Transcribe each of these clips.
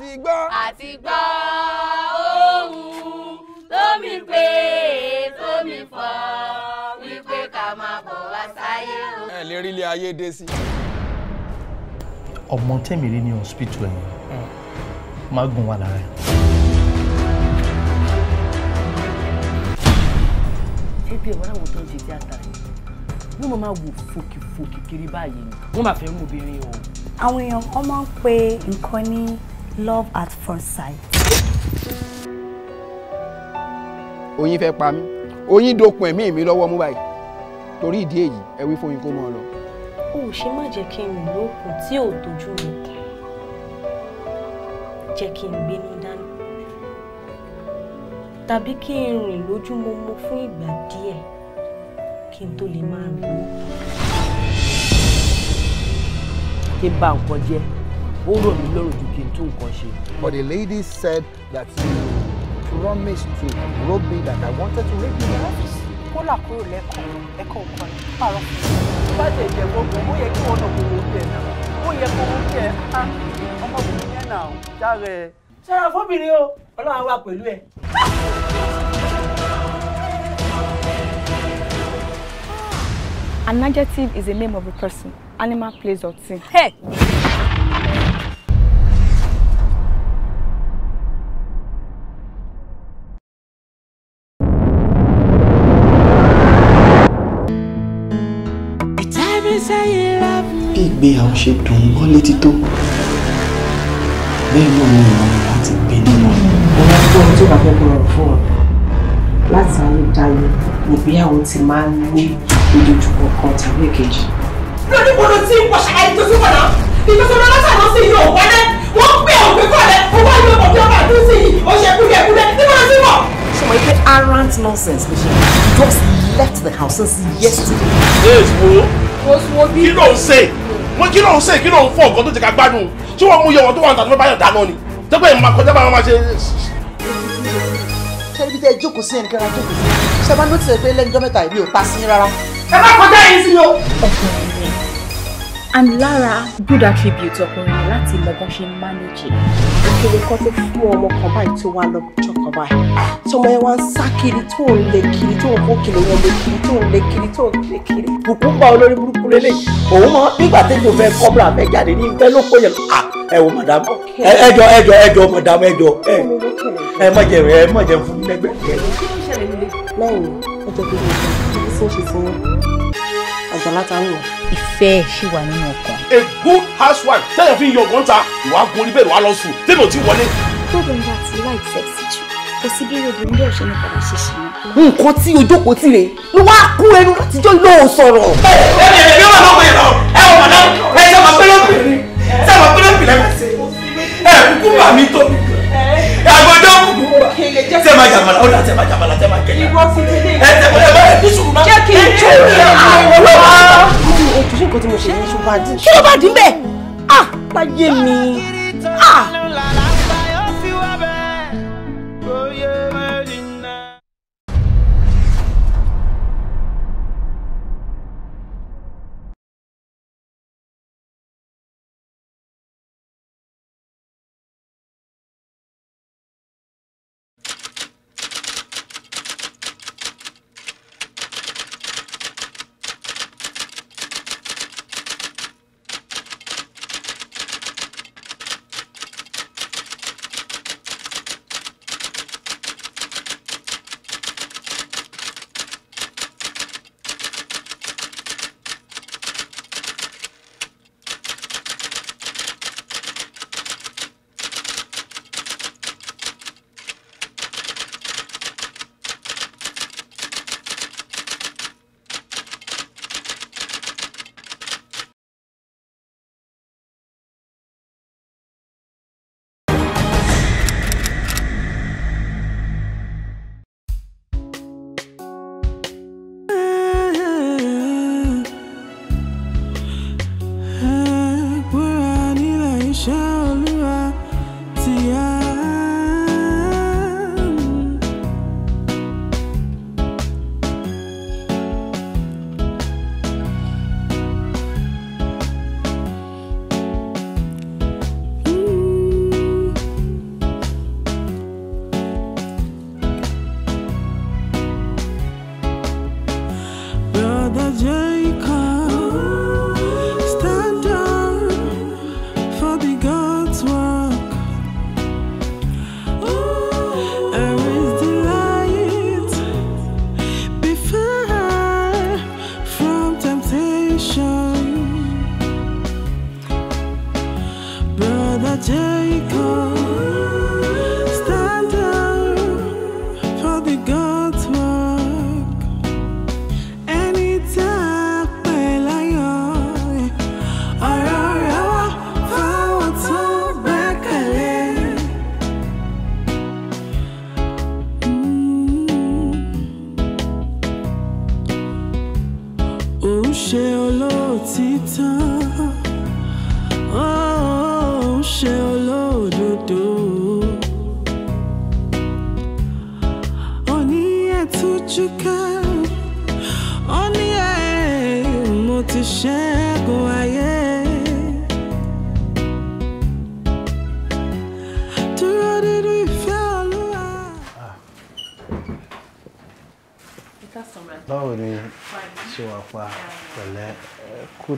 àti gbọ́. àti gbọ́ ohun tómi pé tómi fọ́ wípé ká máa bọ̀ wá sáyé o. ẹ lè rí ilé ayé dé sí. ọmọ tẹ́mi rí ní hospital ẹ̀yìn mágùn wà lára ẹ̀. ebi ẹ̀wọ̀n àwọn tó ń ṣe tíátà yìí wọ́n máa máa wò fòkìfòkì kiri báyìí ni wọ́n máa fẹ́ mú obìnrin o. àwọn èèyàn kan máa ń pe nǹkan ní love at first sight. oyin fẹ́ pa mí oyin dokun ẹ̀mí mi lọ́wọ́ mú báyìí torí ìdí èyí ẹ wí fún yín kó mọ́ ọ lọ. o ò ṣe má jẹ́ kí n rìn lóòkùn tí ò tójú mi jẹ́ kí n gbénú dání tàbí kí n rìn lójúmọmọ fún ìgbà díẹ̀ kí n tó lè máa rìn lóòkùn. kí n bà nǹkan jẹ́ ó rò mí lóru kí n tún nǹkan ṣe. But the lady said that you promised to rob me that I wanted to rape you in the kúrò lẹ́kọ̀ọ́ ẹ̀kọ́ òkan ní pààrọ̀ fún mi. Bá ṣe jẹ̀ gbogbo, ó yẹ kí wọ́n náà gbogbo oúnjẹ náà. Ó yẹ kó oúnjẹ á ah, ọmọbìnrin yẹn náà járe. Ṣọ́ra fóbìnrin o, Ọlọ́run wà pẹ̀lú ẹ̀. An adjective is a name of a person, animal, place, or thing. Hey! ìgbéyàwó ṣe dùn gbọ́ létí tó bẹ́ẹ̀ náà ni ìrọ̀rùn láti gbé nínú. ìyá fún ohun tó bá fẹ́ bọ̀rọ̀ fún ọ láti ayé dayé ìgbéyàwó ti máa ń ní ìdojúkọ kan tàbí èkejì. lórí mo lọ sí ìwọ̀sà ẹni tó túbọ̀ náà látàná sí iye òwò wọ́n pè òpè kọ́lẹ̀ owó ìlú ọkọ̀ bí ọba sí yìí ó ṣe kúlẹ̀ kúlẹ̀ níbo mọ̀. ṣùgbọ́n ife arrant nonsense ló ṣe just left the house since yesterday. ṣé èsì wo. mo sùn wo bí. kí ló ń ṣe mo kí ló ń sè kí ló ń fọ nǹkan tó ti ka gbádùn tí wọ́n mú yọ̀wọ̀ tó wà ní tàbí báyọ̀ dáná ni tẹ́gbẹ́ ìmọ̀ àkọjá bá wọn máa ṣe. ṣẹ́ni bíi tẹ́ ẹ jókòó sí ẹnìkan náà jókòó sí ṣé ẹ bá ní ó ti sẹ́ pé lẹ́nu jọ́ mẹ́ta ò ta sí rárá. ẹ má kọjá yìí sí o. ọkùnrin and lára good attribute ọkùnrin ni láti mọ bọ́n ṣe ń manage. òkèlè kan tó fún ọmọ kan báyìí tó wá lọ́jọ́ kan báyìí tọmọ ẹ wá ń sá kiri tó ń lé kiri tó ń kó kiri wọn lé kiri tó ń lé kiri tó ń lé kiri bùkún pa olórí burúkú lélẹ̀ òun mọ nígbà tí mo fẹ́ kọ́bùrà fẹ́ jáde ní ìfẹ́ ló kó yẹn lọ ẹ wo madam ẹ jọ ẹ jọ ẹ jọ madam ẹ jọ ẹ ẹ má jẹ ẹ má jẹ fún mi lẹ́gbẹ̀ẹ́. lẹ́yìn ọjọ́ gbogbo ìgbà tí ó ṣe fún wọn àjàlá ta nù. ìfẹ́ ṣì wà nínú ọkàn. a good housewife tẹ́lẹ̀ fi yan ọ̀gbọ́n ta ìwà gun orí bẹ́ẹ̀ wà lọ sùn tẹ́lẹ̀ ò ti wọlé. tóbìnrin bá ti láì sẹ́ẹ̀sì jù kò sí bí obìnrin bẹ́ẹ̀ ṣe ní padà ṣe ṣe mọ́. nǹkan tí o jókòó tì rè ló wá kú ẹnu látijọ́ ilé ò sọ̀rọ̀. ẹ ẹ ẹ ẹ yóò lọ bẹ̀rẹ̀ ẹ wọ̀ náà ẹ ṣe máa pẹ́lẹ́ pẹ̀lẹ́ ṣe máa pẹ́lẹ́ pẹ̀lẹ́ ẹ kúkú bà mí tóbi tẹ ma jàmbá la ó dà tẹ ma jàmbá la tẹ ma jẹ ní. ìwọ ti délé. ẹ tẹ ma jàmbá la ní sùúrù ma. jẹ́ kí n tó yẹ àwọn wa. o kì í ṣe nǹkan tí mo ṣe ní ṣùgbọ́n àdín. kí ló bá dín bẹ́ẹ̀? ah láyé mi ah.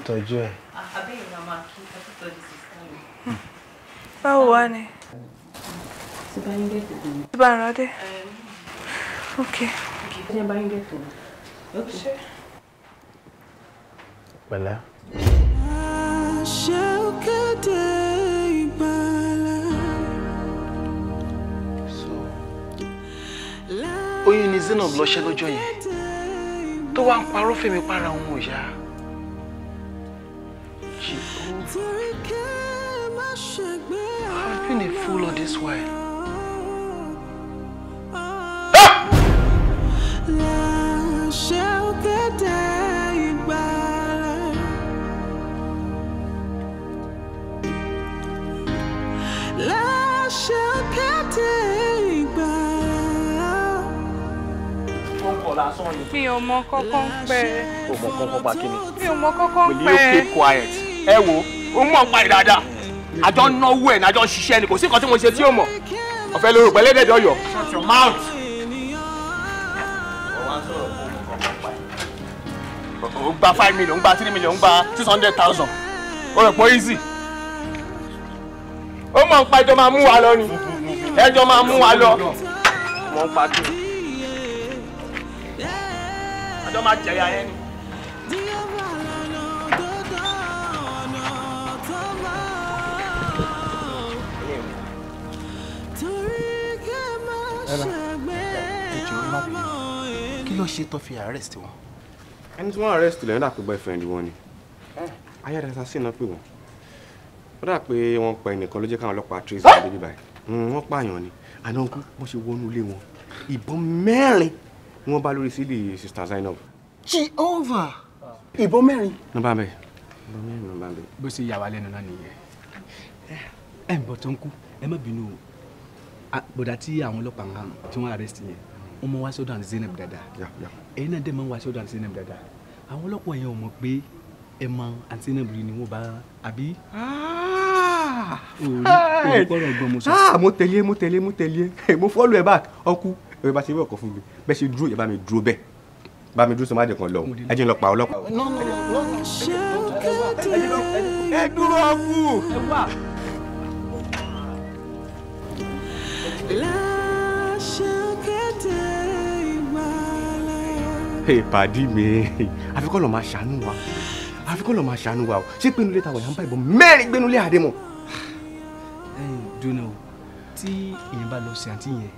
tọ́jú ẹ̀. àbẹ́yìn náà máa kí ẹtú tọ́jú sísá mi. báwo wá ni. ti bá yín gẹ̀tò mi. ti bá ń ok. ṣé bá yín gẹ̀tò mi. pẹ̀lẹ́. àṣẹ òkèdè ìgbàlá. oyún ni Zainab lọ ṣẹ́ lọ́jọ́ yẹn tó wá ń parọ́ fèmí para òun ò yá. I've been a fool all this while. mi ò mọ kọ́kọ́ ń pẹ́. o mọ kọ́kọ́ pa kí ni. mi ò mọ kọ́kọ́ ń will you keep quiet. ẹ ó mọ̀ pa ìdáadáa àjọ náwó ẹ̀ nájọ ṣiṣẹ́ ni kò sí nǹkan tí mo ṣe tí ó mọ̀ ọ̀fẹ́ lórí pẹ̀lẹ́ dẹ̀dẹ̀ ọ̀yọ́. shut your mouth. ó gba five million ó gba three million ó gba six hundred thousand ó rẹ̀ pọ̀ easy. ó mọ̀ pa ẹjọ́ máa mú wa lọ ni ẹjọ́ máa mú wa lọ. mọ̀ ń pa kí. àjọ máa jẹ̀yà yẹn ni. ẹjọ́ ẹ má bí kí ló ṣe tó fi arrest wọn. ẹni tí wọ́n arrest lẹ́yìn dàpọ̀ boyfriend wọn ni eh, ayára assassin náà pè wọ́n ó dà pé wọ́n pa ẹnìkan ló jẹ́ káwọn ọlọ́pàá trace wọn débi báyìí hmm, wọ́n pààyàn ni àná ń kú wọ́n ṣe wọnú ilé wọn ìbọn mẹ́rin ni wọ́n bá lórí sílì sista Zainab. Jehovah ìbọn mẹ́rin. nọ́mbà bẹ́ẹ̀ nọ́mbà bẹ́ẹ̀. bó ṣe yà wá lẹ́nu náà nìyẹn eh, ẹ̀ ń bọ̀ tó ń kú ẹ má bínú o bọ̀dà tí àwọn ọlọ́pàá ń hàn tí wọ́n arrest yẹn wọ́n mọ wá sọ́dọ̀ àti Zainab dáadáa ẹ̀yin náà dẹ̀ máa ń wá sọ́dọ̀ àti Zainab dáadáa àwọn ọlọ́pàá yẹn ò mọ̀ pé ẹ mọ àti Zainab rí ni wọ́n bá àbí. mo tẹ̀lé mo tẹ̀lé mo tẹ̀lé mo follow ẹ back ọkú ẹ bá ṣe wé ọkọ fún mi bẹ́ẹ̀ ṣe dúró ẹ bá mi dúró bẹ́ẹ̀ bá mi dúró sọ má dẹ̀ kan lọ ẹ jẹ́ ń lọ pa ọlọ́pàá. ẹ dúró ọkú. pàdí mi àfi kọ́ lọ máa ṣàánú wa àfi kọ́ lọ máa ṣàánú wa o ṣé gbẹnulé ta wọ̀nyá ń bá ìbọn mẹ́rin gbẹnulé àdé mọ̀. dunu o tí èèyàn bá lọ sí àǹtí yẹn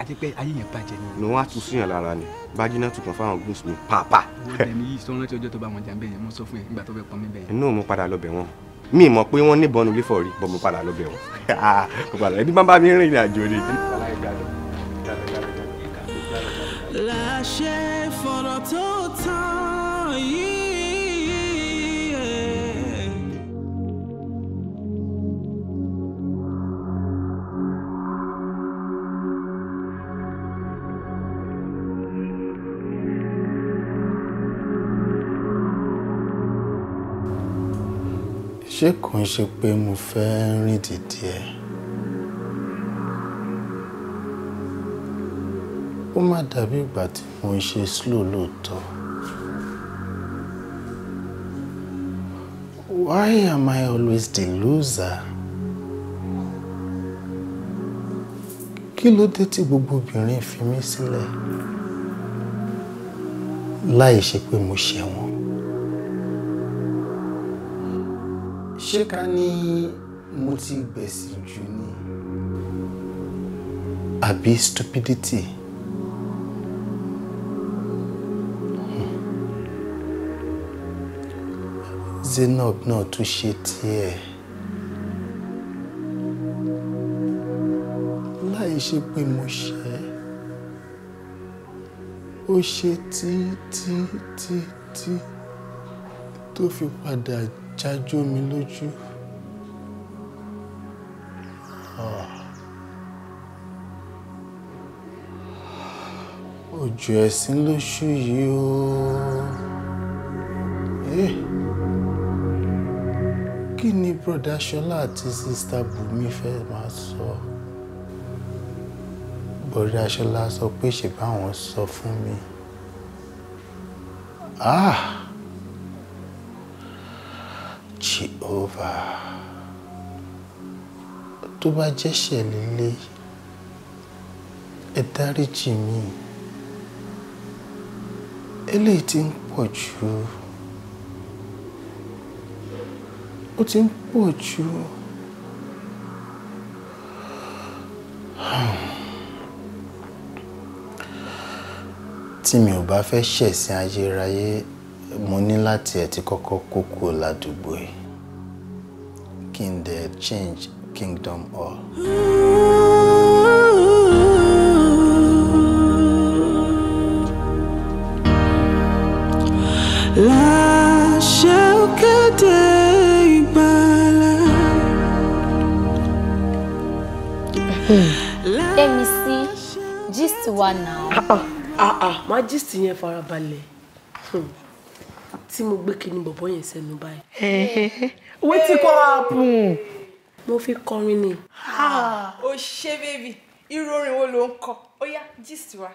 àti pé ayé yẹn bàjẹ́ ni. ni wọ́n á tún síyàn lára ni bájínà tún kàn fáwọn gúúsù mi pàápàá. owó bẹ̀rẹ̀ mi yìí sọ rántí ọjọ́ tó bá wọn jà ń bẹ̀yẹn mo sọ fún ẹ nígbà tó fẹ́ pọn mi bẹ̀yẹn. inú mo padà lọ bẹ̀ wọ́n mi mọ̀ pé wọ́n níbọn nulẹ̀ fọ̀ rí bọ́n mo padà lọ bẹ̀ wọ́n mo padà bá mi rìn ìrìn àjò láṣẹ fọ̀rọ̀ tó tán yìí. ṣé kò ń ṣe pé mo fẹ́ rìn dìde ẹ̀ ó má dàbí ìgbà tí mo ń ṣe slow lóòótọ́ why am I always the loser? kí ló dé tí gbogbo obìnrin fi mí sílẹ̀ láì ṣe pé mo ṣẹ̀ ṣé ká ní mo ti gbẹ̀sì jù ni àbí stupidity. Zainab náà tún ṣe tiẹ̀ láì ṣe pé mo ṣe ó ṣe tí tí tí tí tó fi padà jù jájú mi lójú. Ah. Òjò ẹ̀sìn lóṣù yìí ooo. Eh. Kí ni Brọ̀dá Ṣọlá àti Sista Bùnmi fẹ́ máa sọ? Brọ̀dá Ṣọlá sọ pé ṣe báwọn sọ fún mi. Ah! Jehovah tó bá jẹ́ṣẹ̀ líle ẹ dáríjì mí eléyìí ti ń pọ̀ jù ó ti ń pọ̀ jù tí mi ò bá fẹ́ ṣẹ̀sìn ayérayé mo ní láti ẹ̀ ti kọ́kọ́ kókó ládùúgbò yìí kí n dẹ̀ change kingdom all. láṣẹ kéde ìgbàlà. Yẹ́mi sí gist wa náà. ah ah ah ah má gist yẹn farabalẹ̀. Hmm tí mo gbé kinní bọ̀bọ̀ yẹn sẹ́nu báyìí. wetin kọ́ happen. mo fi kọrin ni. o ṣe bébì irú orin wo ló ń kọ ó yá gist wa.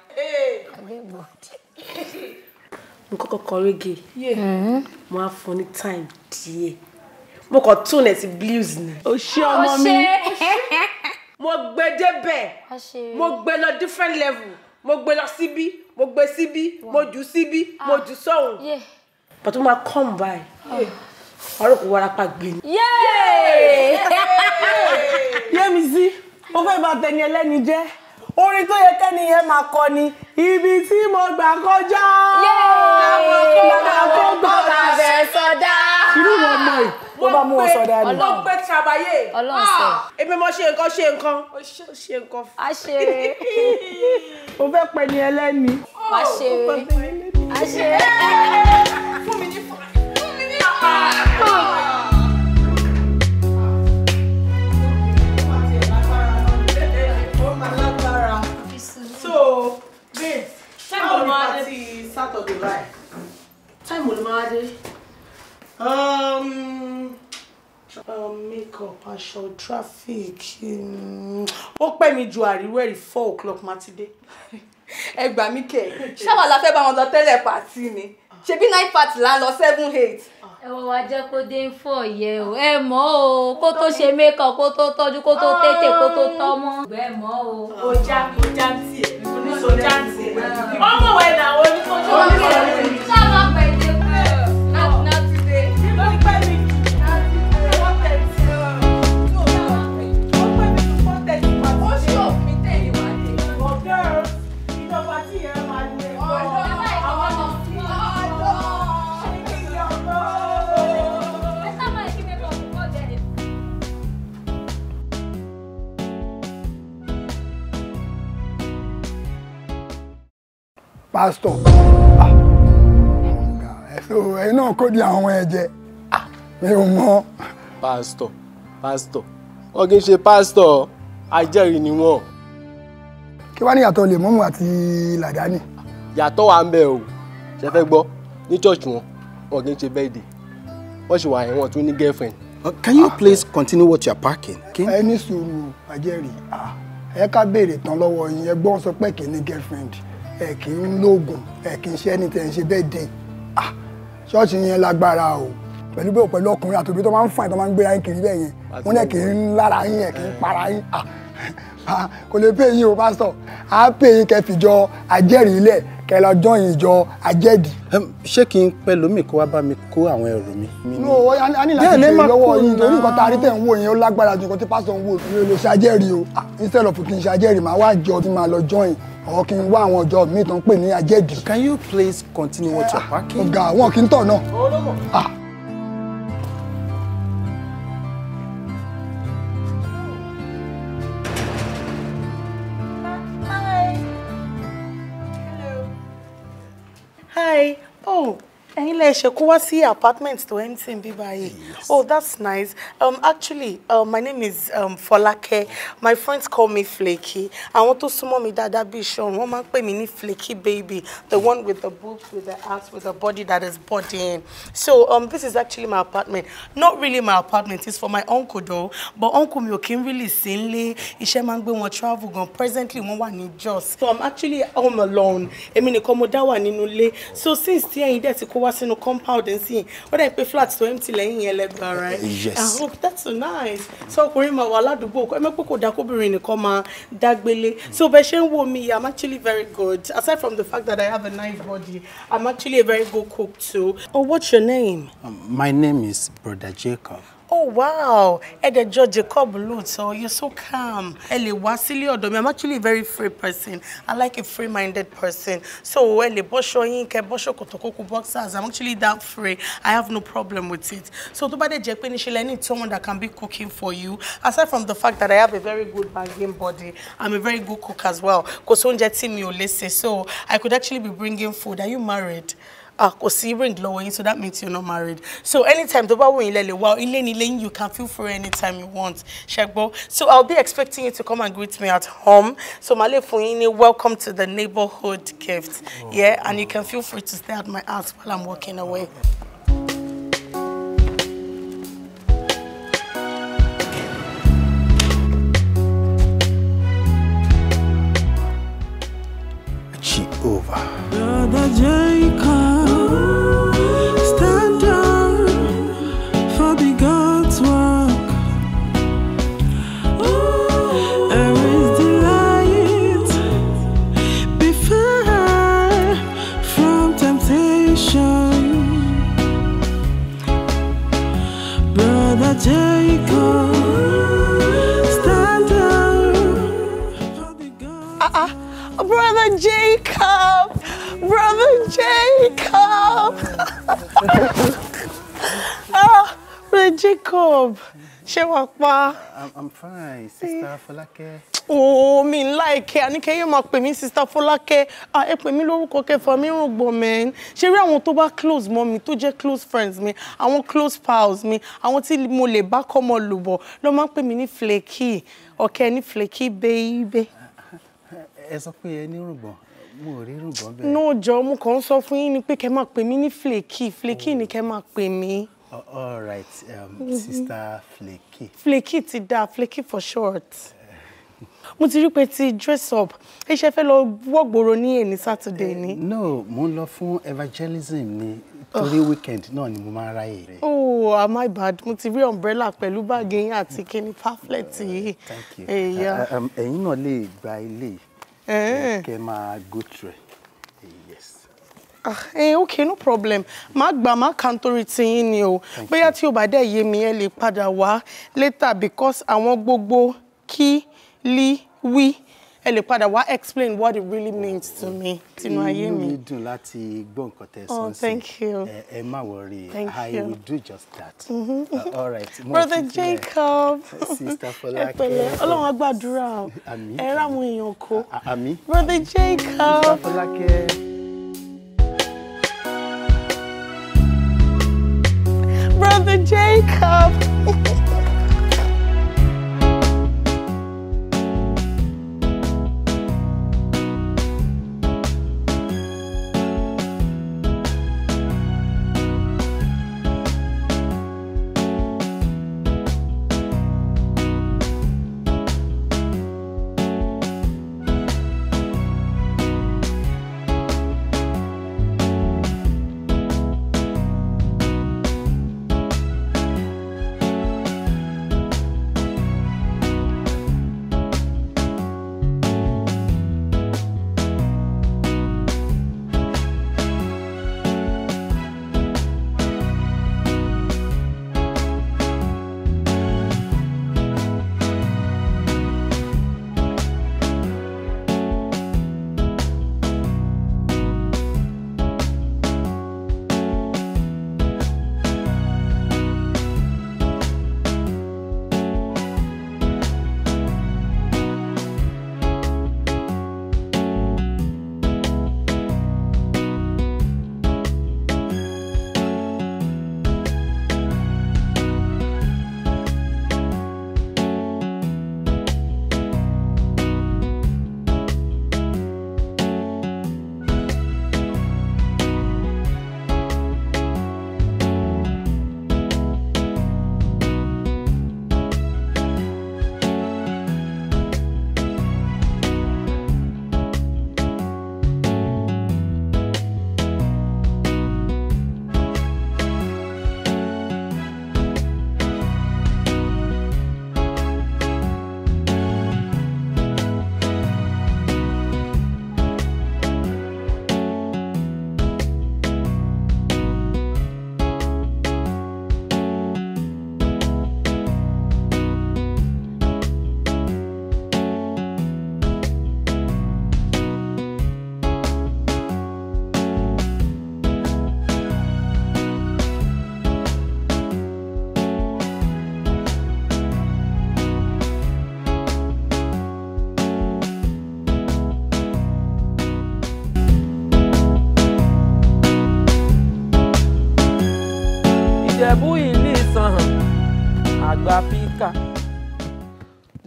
mo kọ́kọ́ kọ reggae mm-hmm. mo á fún ní time díẹ̀ mo kàn tún ẹ̀ sí blues ni. o ṣe ọmọ mi mo gbé débẹ̀ mo gbé lọ different level mo gbé lọ síbí mo gbé síbí mo jù síbí mo jù Yeah. But máa kọ́m come by. Ah. rò kó warapa gbé ni. yémi sí ó fẹ́ bá tẹni ẹlẹ́ni jẹ́ orin tó yẹ kẹ́ni yẹn máa kọ ni ibi tí mo gbà kọjá. àwọn kò gbọ́ la fẹ́ sọdá. irú wọn mọ ì ló bá mú wọn sọdá ni. ọlọ́run pé ṣàbàyè ah! èmi mo ṣe nǹkan ṣe nǹkan ó ṣe nǹkan. a ṣe é. mo fẹ́ pẹ́ ni ẹlẹ́ni. a ṣe é. a ṣe fún mi ní fún mi ní Saturday báyìí. Time olùmọ̀ adé. Um, um, makeup, aṣọ, traffic. Um, ó pẹ́ mi ju àríwẹ̀rí four o'clock máa ti dé. Ẹ gbà mí kẹ̀. Ṣáwà la fẹ́ bá wọn lọ tẹ́lẹ̀ pàtí ni ṣebí nine party la lọ seven eight. ẹ wọ wá jẹ́ kó dé ń fọ yẹ o ẹ mọ̀ o kó tó ṣe mékàn kó tó tọ́jú kó tó tètè kó tó tọ́mọ́. ẹ mọ̀ o. o já o já tiẹ̀ o ní so já tiẹ̀ ah. ọmọ wẹ̀ náà o ní so já tiẹ̀. sábà pẹ̀ pásítọ̀ ah. ẹ̀yin náà kó di àwọn ẹ̀jẹ̀ ah, mi ò mọ̀. Pastor. pásítọ̀ wọn kì í ṣe pásítọ̀ ajẹ́rìí ni wọ́n. kí wàá ní yàtọ̀ lè mọ́mú àti làdáni. yàtọ̀ wà ń bẹ o ṣe fẹ́ gbọ́ ní church wọn wọn kì í ṣe bẹ́ẹ̀dì wọ́n ṣì wà yẹn wọn tún ní girlfriend. Uh, can you please continue what you are packing. ẹ ní sùúrù ajẹ́rìí ah, ẹ ká béèrè tán lọ́wọ́ yín ẹ gbọ́n sọ pé kì í ní girlfriend ẹ kì í lóògùn ẹ kì í ṣe ẹni tẹ̀ ń ṣe bẹ́ẹ̀ dé ah ṣọ́ọ̀ṣì yẹn lágbára o pẹ̀lú pé pẹ̀lú ọkùnrin àtòbí tó máa ń fàìn tó máa ń gbéra yín kiri bẹ́ẹ̀ yẹn wọ́n ní kì í lára yín ẹ kì í para yín ah, ah kò lè pè yín o pásítọ̀ á pè yín kẹ́ ajẹ́rìí lẹ̀ kẹ́ lọ jọ́ jọ ajẹ́dì. ṣé kí n pẹ́ lómi kó wá bá mi kó àwọn ẹrù mi. no a ní láti ṣe lọ́wọ́ yín torí nǹkan tá a rí tẹ̀ ń wò yẹn ó lágbára ju nǹkan tí pásítọ̀ ń wò. mi ò lè ṣe ajẹ́rìí o ah, instead of kí n ṣe ajẹ́rìí màá wá jọ tí màá lọ jọ́ or kí n wá àwọn ọjọ́ mi tó ń pè ní ajẹ́dì. can you please continue with your ah, packing. ọ̀gá àwọn kì í tọ̀ náà. ah Hi. Oh, ẹ̀yin lẹ ṣe kó wá sí apartment tó ẹ̀ ń bí báyìí oh that's nice um, actually uh, my name is um, Folake my friends call me Flaky àwọn tó súnmọ́ mi dáadáa bíi sean wọ́n máa ń pè mí ní Flaky baby the one with the boobs with the ass with the body that is bodying so um, this is actually my apartment not really my apartment it's for my uncle though but uncle mi ò kí ń really sí nílé iṣẹ́ máa ń gbé wọn travel gan presently wọ́n wà ní Jos so I'm actually home alone èmi nìkan mo dá wà nínú ilé so since tí ẹ̀yin dẹ̀ ti kó wá sínú compound ẹ̀ sìn ó dẹ̀ pé flat tó empty lẹ́yìn yẹn lẹ́gbàá right yes i ah, hope oh, that's so nice so ọkùnrin máa wà ládùúgbò ẹ mọ̀ pé kò dá kóbìnrin nìkan máa dágbélé so bẹ́ẹ̀ ṣe ń wo mi i'm actually very good aside from the fact that i have a nice body i'm actually a very good cook too oh what's your name. Um, my name is Brother Jacob oh wow ẹ̀dẹ̀ jọ Jacob lóòótọ́ you're so calm ẹ lè wá sílé ọ̀dọ̀ mi i'm actually a very free person i like a free minded person so ẹ lè bọ́ṣọ yín kẹ bọ́ṣọ kòtòkókò boxers i'm actually that free i have no problem with it so tó bá dẹ̀ jẹ́ pé níṣẹ́ lẹ́ni someone that can be cooking for you aside from the fact that i have a very good banging body i'm a very good cook as well kò sóúnjẹ tí mi ò lè ṣe so i could actually be bringing food are you married. ah kò sí ring lọ́wọ́ so that means you're not married so anytime the bá will yín lẹ lè wá you can feel free anytime you want so i'll be expecting you to come and greet me at home so màá welcome to the neighborhood gift oh. yeah and you can feel free to stay at my house while i'm walking away. Jehovah. ah, Ray Jacob, She wà pa? I'm fine, Sister Fọlákẹ́. Oh, mi láìkẹ́, I yóò máa pè mí Sister Fọlákẹ́. Ah, ẹ pè mí lórúkọ kẹfà mi ràn gbọ̀n mẹ́. Ṣé rí àwọn tó close mọ́ mi tó close friends me. I want close pals me. I tí mo lè bá kọ́mọ lùbọ̀ ló máa ń pè mí ní Flaky, Okay, ni Flaky baby. Ẹ sọ pé ẹ mo ò rí rúgbọ́n bẹ́ẹ̀. náà jọ mo kàn ń sọ fún yín ni pé kẹ́ máa pè mí ní flaky flaky ni oh. kẹ́ máa pè mí. all right um, mhm. sister flaky. flaky ti da flaky for short. mo ti rí pé ti dress up ẹ ṣe fẹ́ lọ wọ́gbòrò ní èní saturday ni. Eh, no mo ń lọ fún evangelism ni torí ah. weekend náà ni mo máa ń ráyè rẹ. oh am ah, I bad mo ti rí umbrella pẹ̀lú báàgì yín àti kíni pamphlet yìí. thank you eh, eh, um, ẹ̀yin náà lè gba ilé yìí. Eh. kẹ́ máa go yes. Ah, eh, okay no problem má gbà má kà nítorí tiyín ni o bóyá tí o bá dẹ̀ yé mi ẹ lè padà wá later because àwọn gbogbo Ki Li wí ẹ lè padà wá explain what it really means to me sínú ayé mi. inú mi dùn láti gbọ́ nǹkan tẹ́ sọ oh, sí ẹ má worry i you. will do just that. Mm -hmm. uh, all right. brother jacob ẹ pẹ̀lẹ́ ọlọ́run á gbàdúrà ẹ ráwọn èèyàn kó brother jacob. brother jacob.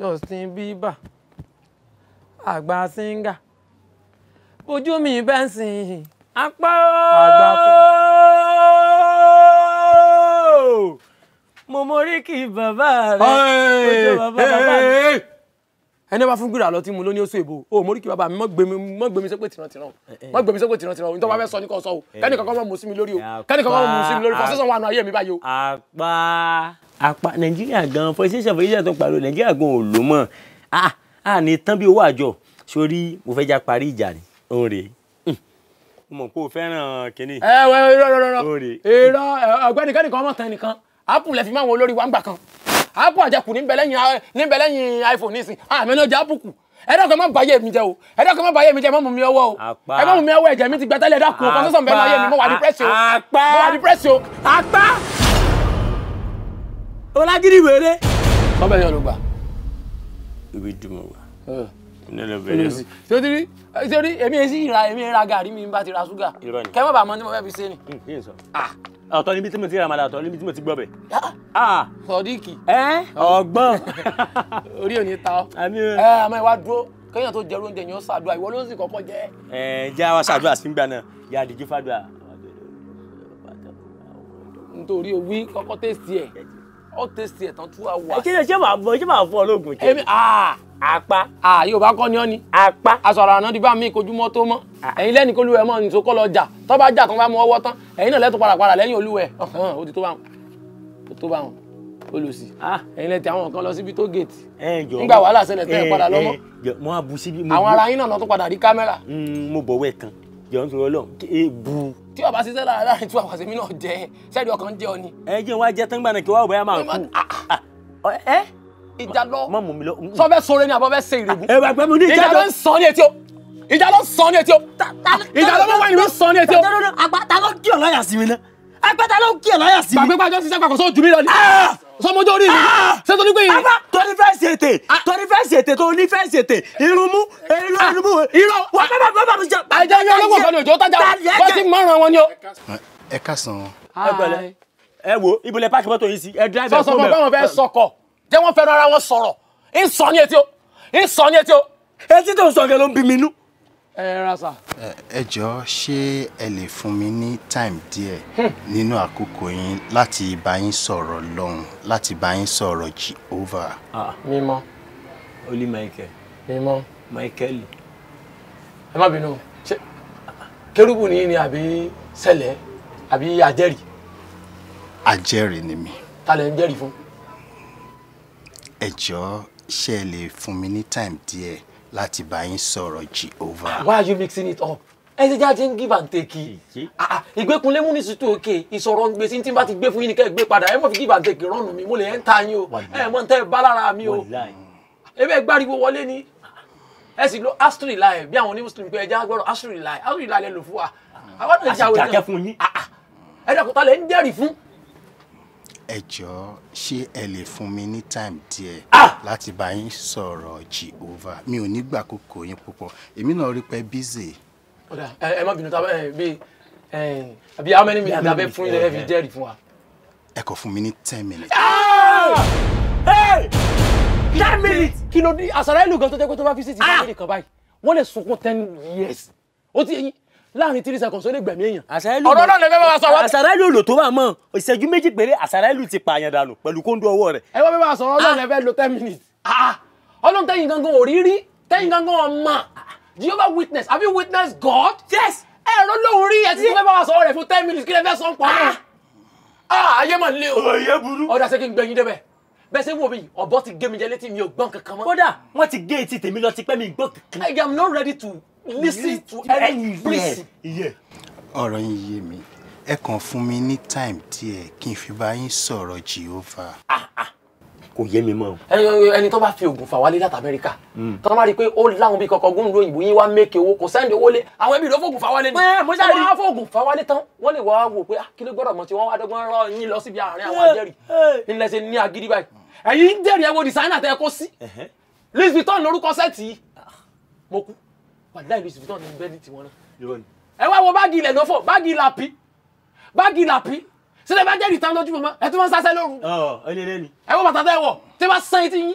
Justin Bieber àgbà singa ojú mi bẹ́ẹ̀ sìn apá ooo mo mórí kì í bàbá rẹ ojú bàbá bàbá mi. ẹni bá fún gbìrà lọ tí mo ló ní oṣù èbó o mórí kì í bàbá mi mọ gbèmí sẹpẹ tìrantìran mọ gbèmí sẹpẹ tìrantìran nítorí wọn fẹẹ sọ ní sọ o eh. kẹ́nìkan kan mọ mọ sí mi lórí o kẹ́nìkan kan mọ mọ sí mi lórí fọsẹsọ wà nù ayé mi báyìí o apá nàìjíríà gan forestation forestation tó ń pariwo nàìjíríà gan ò lò mọ́ a ah, ah, a ní tán bí owó àjọ sórí mo fẹ́ já parí ìjà ni òun rèé hmm. mo mọ̀ pé o fẹ́ràn kínní. ẹ wẹ irọ́ irọ́ irọ́ irọ́ ọ̀gbẹ́ni kẹ́ni kan mọ̀ tán nìkan apple lẹ máa wọn olórí wa ń gbà kan apple àjẹkù ní bẹ̀lẹ́yìn ní bẹ̀lẹ́yìn iphone nísìn àmì ní ọjà apple kù ẹ̀dá kan má bà yé mi jẹ́ o ẹ̀dá kan má bà yé mi jẹ́ mọ́ mú mi ọwọ́ o ẹ mọ́ mú mi ọwọ́ ẹ̀jẹ̀ mi ti gbẹ tẹ́lẹ̀ ẹ̀dá kù ọ̀kan sọ́sọ́ mi bẹ́ẹ̀ lọ yé mi mo wà depression o mo wà depression o ọlágídí wèrè. ọbẹ̀ yẹn ló gbà. ibi dùnmọ̀ wà. nílẹ̀ bẹ̀rẹ̀ lọ. sotori sotori èmi èsì ìra èmi ìra gàrí mi bá ti ra ṣúgà. irọ́ ni kẹ́mọ́ bàmọ́ ní mo fẹ́ fi ṣe ni. ọ̀tọ̀ níbi tí mo ti ra màdà ọ̀tọ̀ níbi tí mo ti gbọ́bẹ̀. sọdíkì. ẹ ọgbọ́n. orí ò ní ta ọ. ẹ àmọ́ ìwà dúró kéèyàn tó jẹrú oúnjẹ yẹn ṣàdúrà ìwọ ló ń sì kọ́kọ́ jẹ. ẹ jẹ́ àwa ṣàdúrà sí gbà náà yà á dìjú fàdúrà. nítorí o wí kọ́kọ́ tẹ̀sí ẹ̀ ọ tẹsí ẹ tán tú wa wà. ṣé ṣé màá bọ ṣé màá fọ ológun jẹ. èmi apá. yorùbá kọ́ ni ọ́ ni. apá. aṣọ̀rọ̀ àná di bá mi kojúmọ́ tó mọ́. ẹ̀yin lẹ́ni kó luwẹ̀ mọ́ ní sokó lọ jà tó bá jà tó bá mú ọwọ́ tán ẹ̀yin náà lẹ́tọ̀ parapara lẹ́yìn olúwẹ̀ ó ti tó bá wọn ó tó bá wọn olùsí. ẹ̀yin lẹ́tì àwọn kan lọ síbi tó gèètì. nígbà wàhálà ṣẹlẹ̀ tẹ́ ẹ padà lọ́mọ. àwọn ará yín náà lọ tún padà rí kámẹ́rà. Mm, mo bọ̀ wẹ̀ kan jọ ń sọ Ọlọ́run kéèbù. tí o bá ṣiṣẹ́ láàárín tí wàá wàṣẹ́ mi náà jẹ́ sẹ́ẹ̀dì ọkàn jẹ́ ọ ni. ẹ jẹ́ wá jẹ́ tán gbàdán kí wàá bọ̀ máa kú. Ah, ah. Ah, ẹ ìjà lọ mọ mọ mi lọ. sọ fẹ́ sọ̀rọ̀ ni àbọ̀ fẹ́ ṣe ìrìbù. ẹ wà pẹ̀lú ní ìjà lọ. ìjà ló ń sọ ní etí o ìjà ló ń sọ ní etí o ìjà ló ń ìlú sọ ní etí o. àgbàtà kí ọ̀ sí mi náà àgbàtà kí ọ̀ sí mi. gbàgbé pàjọ́ ṣiṣẹ́ pàkóso sọmọjọ orí mi ah! ṣé ah! tó ní pé. apá tó ní fẹ́ ṣètè tó ní fẹ́ ṣètè tó ní fẹ́ ṣètè irunmú irun ah! irunmú irun wà bá bá bá mi jẹ. àìjẹ yọ ọlọ́wọ́ kan ní òjò tájà wọ́n ti márùn wọn ni o. ẹ ká sàn ẹ wo ibùdó páàkì mọ́tò yìí sí ẹ dírá ìbẹ̀rẹ̀ fún mi. sọ̀sọ̀ fún báwọn fẹ́ sọkọ̀ jẹ́ wọ́n fẹ́ràn ara wọn sọ̀rọ̀ ń sọ ní etí o ń sọ ní etí o. etí tó ń sọ kẹ ló ń bí mi ẹ ra sà. ẹ jọ ṣé ẹ lè fún mi ní time díẹ̀ hmm. nínú àkókò yín láti bá yín sọ̀rọ̀ lọ́hùn láti bá yín sọ̀rọ̀ Jehovah. mímọ́. olú Michael. mímọ́. Michael. ẹ má bínú ṣe kérúbù ni ni àbí sẹlẹ àbí ajẹ́rìí. ajẹ́rìí ni mi. ta lẹ ń jẹ́rìí fún. ẹ jọ ṣé ẹ lè fún mi ní time díẹ̀ láti bá yín sọ̀rọ̀ Jehovah. why are you mixing it up? ẹ ṣe jáde ń give and take. Ah, ah, ìgbékunlé mú ní sùtú òkè ìsọ̀rọ̀ ń gbèsè tí n bá ti gbé fún yín ní ká gbé padà ẹ mọ̀ fi give and take rọ́ọ̀nù mi mo lè ẹ́ ń ta yín o ẹ mọ̀ ń tẹ́ ẹ bá lára mi o ebe gbariwo wọlé ni ẹ sì lo astri láì bí àwọn onímùsùlùmí pé ẹ jẹ́ agbọ́rọ̀ astri láì astri láì lè lò fún wa. àwọn náà ah, ń jáwé náà ẹ dàkúta lè ń dẹ́rì fún ẹ jọ̀ọ́ ṣé ẹ lè fún mi ní time díẹ̀ ah! láti bá yín sọ̀rọ̀ Jehovah mi ò ní gbà kókó yín púpọ̀ èmi náà rí pé busy. ọ̀dà ẹ má bínú tábà ẹ bí how many minutes abẹ́ fún ilé ẹ̀fí jẹ́rìí fún wa. ẹ kò fún mi ní ten minutes. Ah! ten minutes kí ló dé àṣàrà ìlú gan tó jẹ́ pé tó bá fi sí ti bá mi nìkan báyìí wọ́n lè sunkún ten years ó ti yẹ yín láàrin three seconds ó lè gbẹ̀mí èèyàn. ọ̀rọ̀ náà lè fẹ́ bá sọ wá. àṣàrà ìlú lò tó bá mọ̀ ìṣẹ́jú méjì péré àṣàrà ìlú ti pààyàn dànù pẹ̀lú kóńdó ọwọ́ rẹ̀. ẹ wọ́n fẹ́ bá sọ ọlọ́run ah! lè fẹ́ lo ten minutes. Ah, ah. ọlọ́run tẹ́yìn gangan ò tẹ́yìn gangan ọmọ Jehovah witness have you witnessed God. yes. ẹ ló lóun rí ẹ ti fẹ́ bá wa sọ rẹ̀ fún ten minutes kí lè wo mi ọ̀bọ ti gé mi jẹ létí mi ò gbọ́n kankan mọ́. kódà wọ́n ti gé etí tèmi lọ tipẹ́ mi gbọ́ kankan. I am not ready to listen to any please. ọ̀rọ̀ yín yé mi ẹ kàn fún mi ní time díẹ̀ kí n fi bá yín sọ̀rọ̀ Jehovah. Ah, ah. kò yé mi mọ́ o. ẹni tó bá fi oògùn fà wálé láti Amẹ́ríkà hmm. tó máa rí i pé ó láwọn bíi kankan gómìnà òyìnbó yín wá mẹ́kẹ̀ owó kò sẹ́ndì owó lé àwọn ẹbí ló fògùn fà wálé ni. mo ṣe àrí fògùn fà wálé tán wọ́n lè wá wò pé ah, kí ló gbọ́dọ̀ mọ̀ tí wọ́n wá dọ́gbọ́n rọ yín lọ síbi àárín àwọn ajẹ́rìí nílẹ̀ ṣe ní agídí wàláì Louis Vuitton ní bẹ́ẹ̀lì tiwọn náà. ẹ wá wo báàgì ilẹ̀ lọ́fọ̀ báàgì làpí báàgì làpí sílẹ̀ bá jẹ́ ìta lójú mọ́ ẹ tún máa ń sásẹ́ lóru. ọ ẹ lé lé ni. ẹ wọ bàtà tẹ wọ tí wọ́n san etí yín.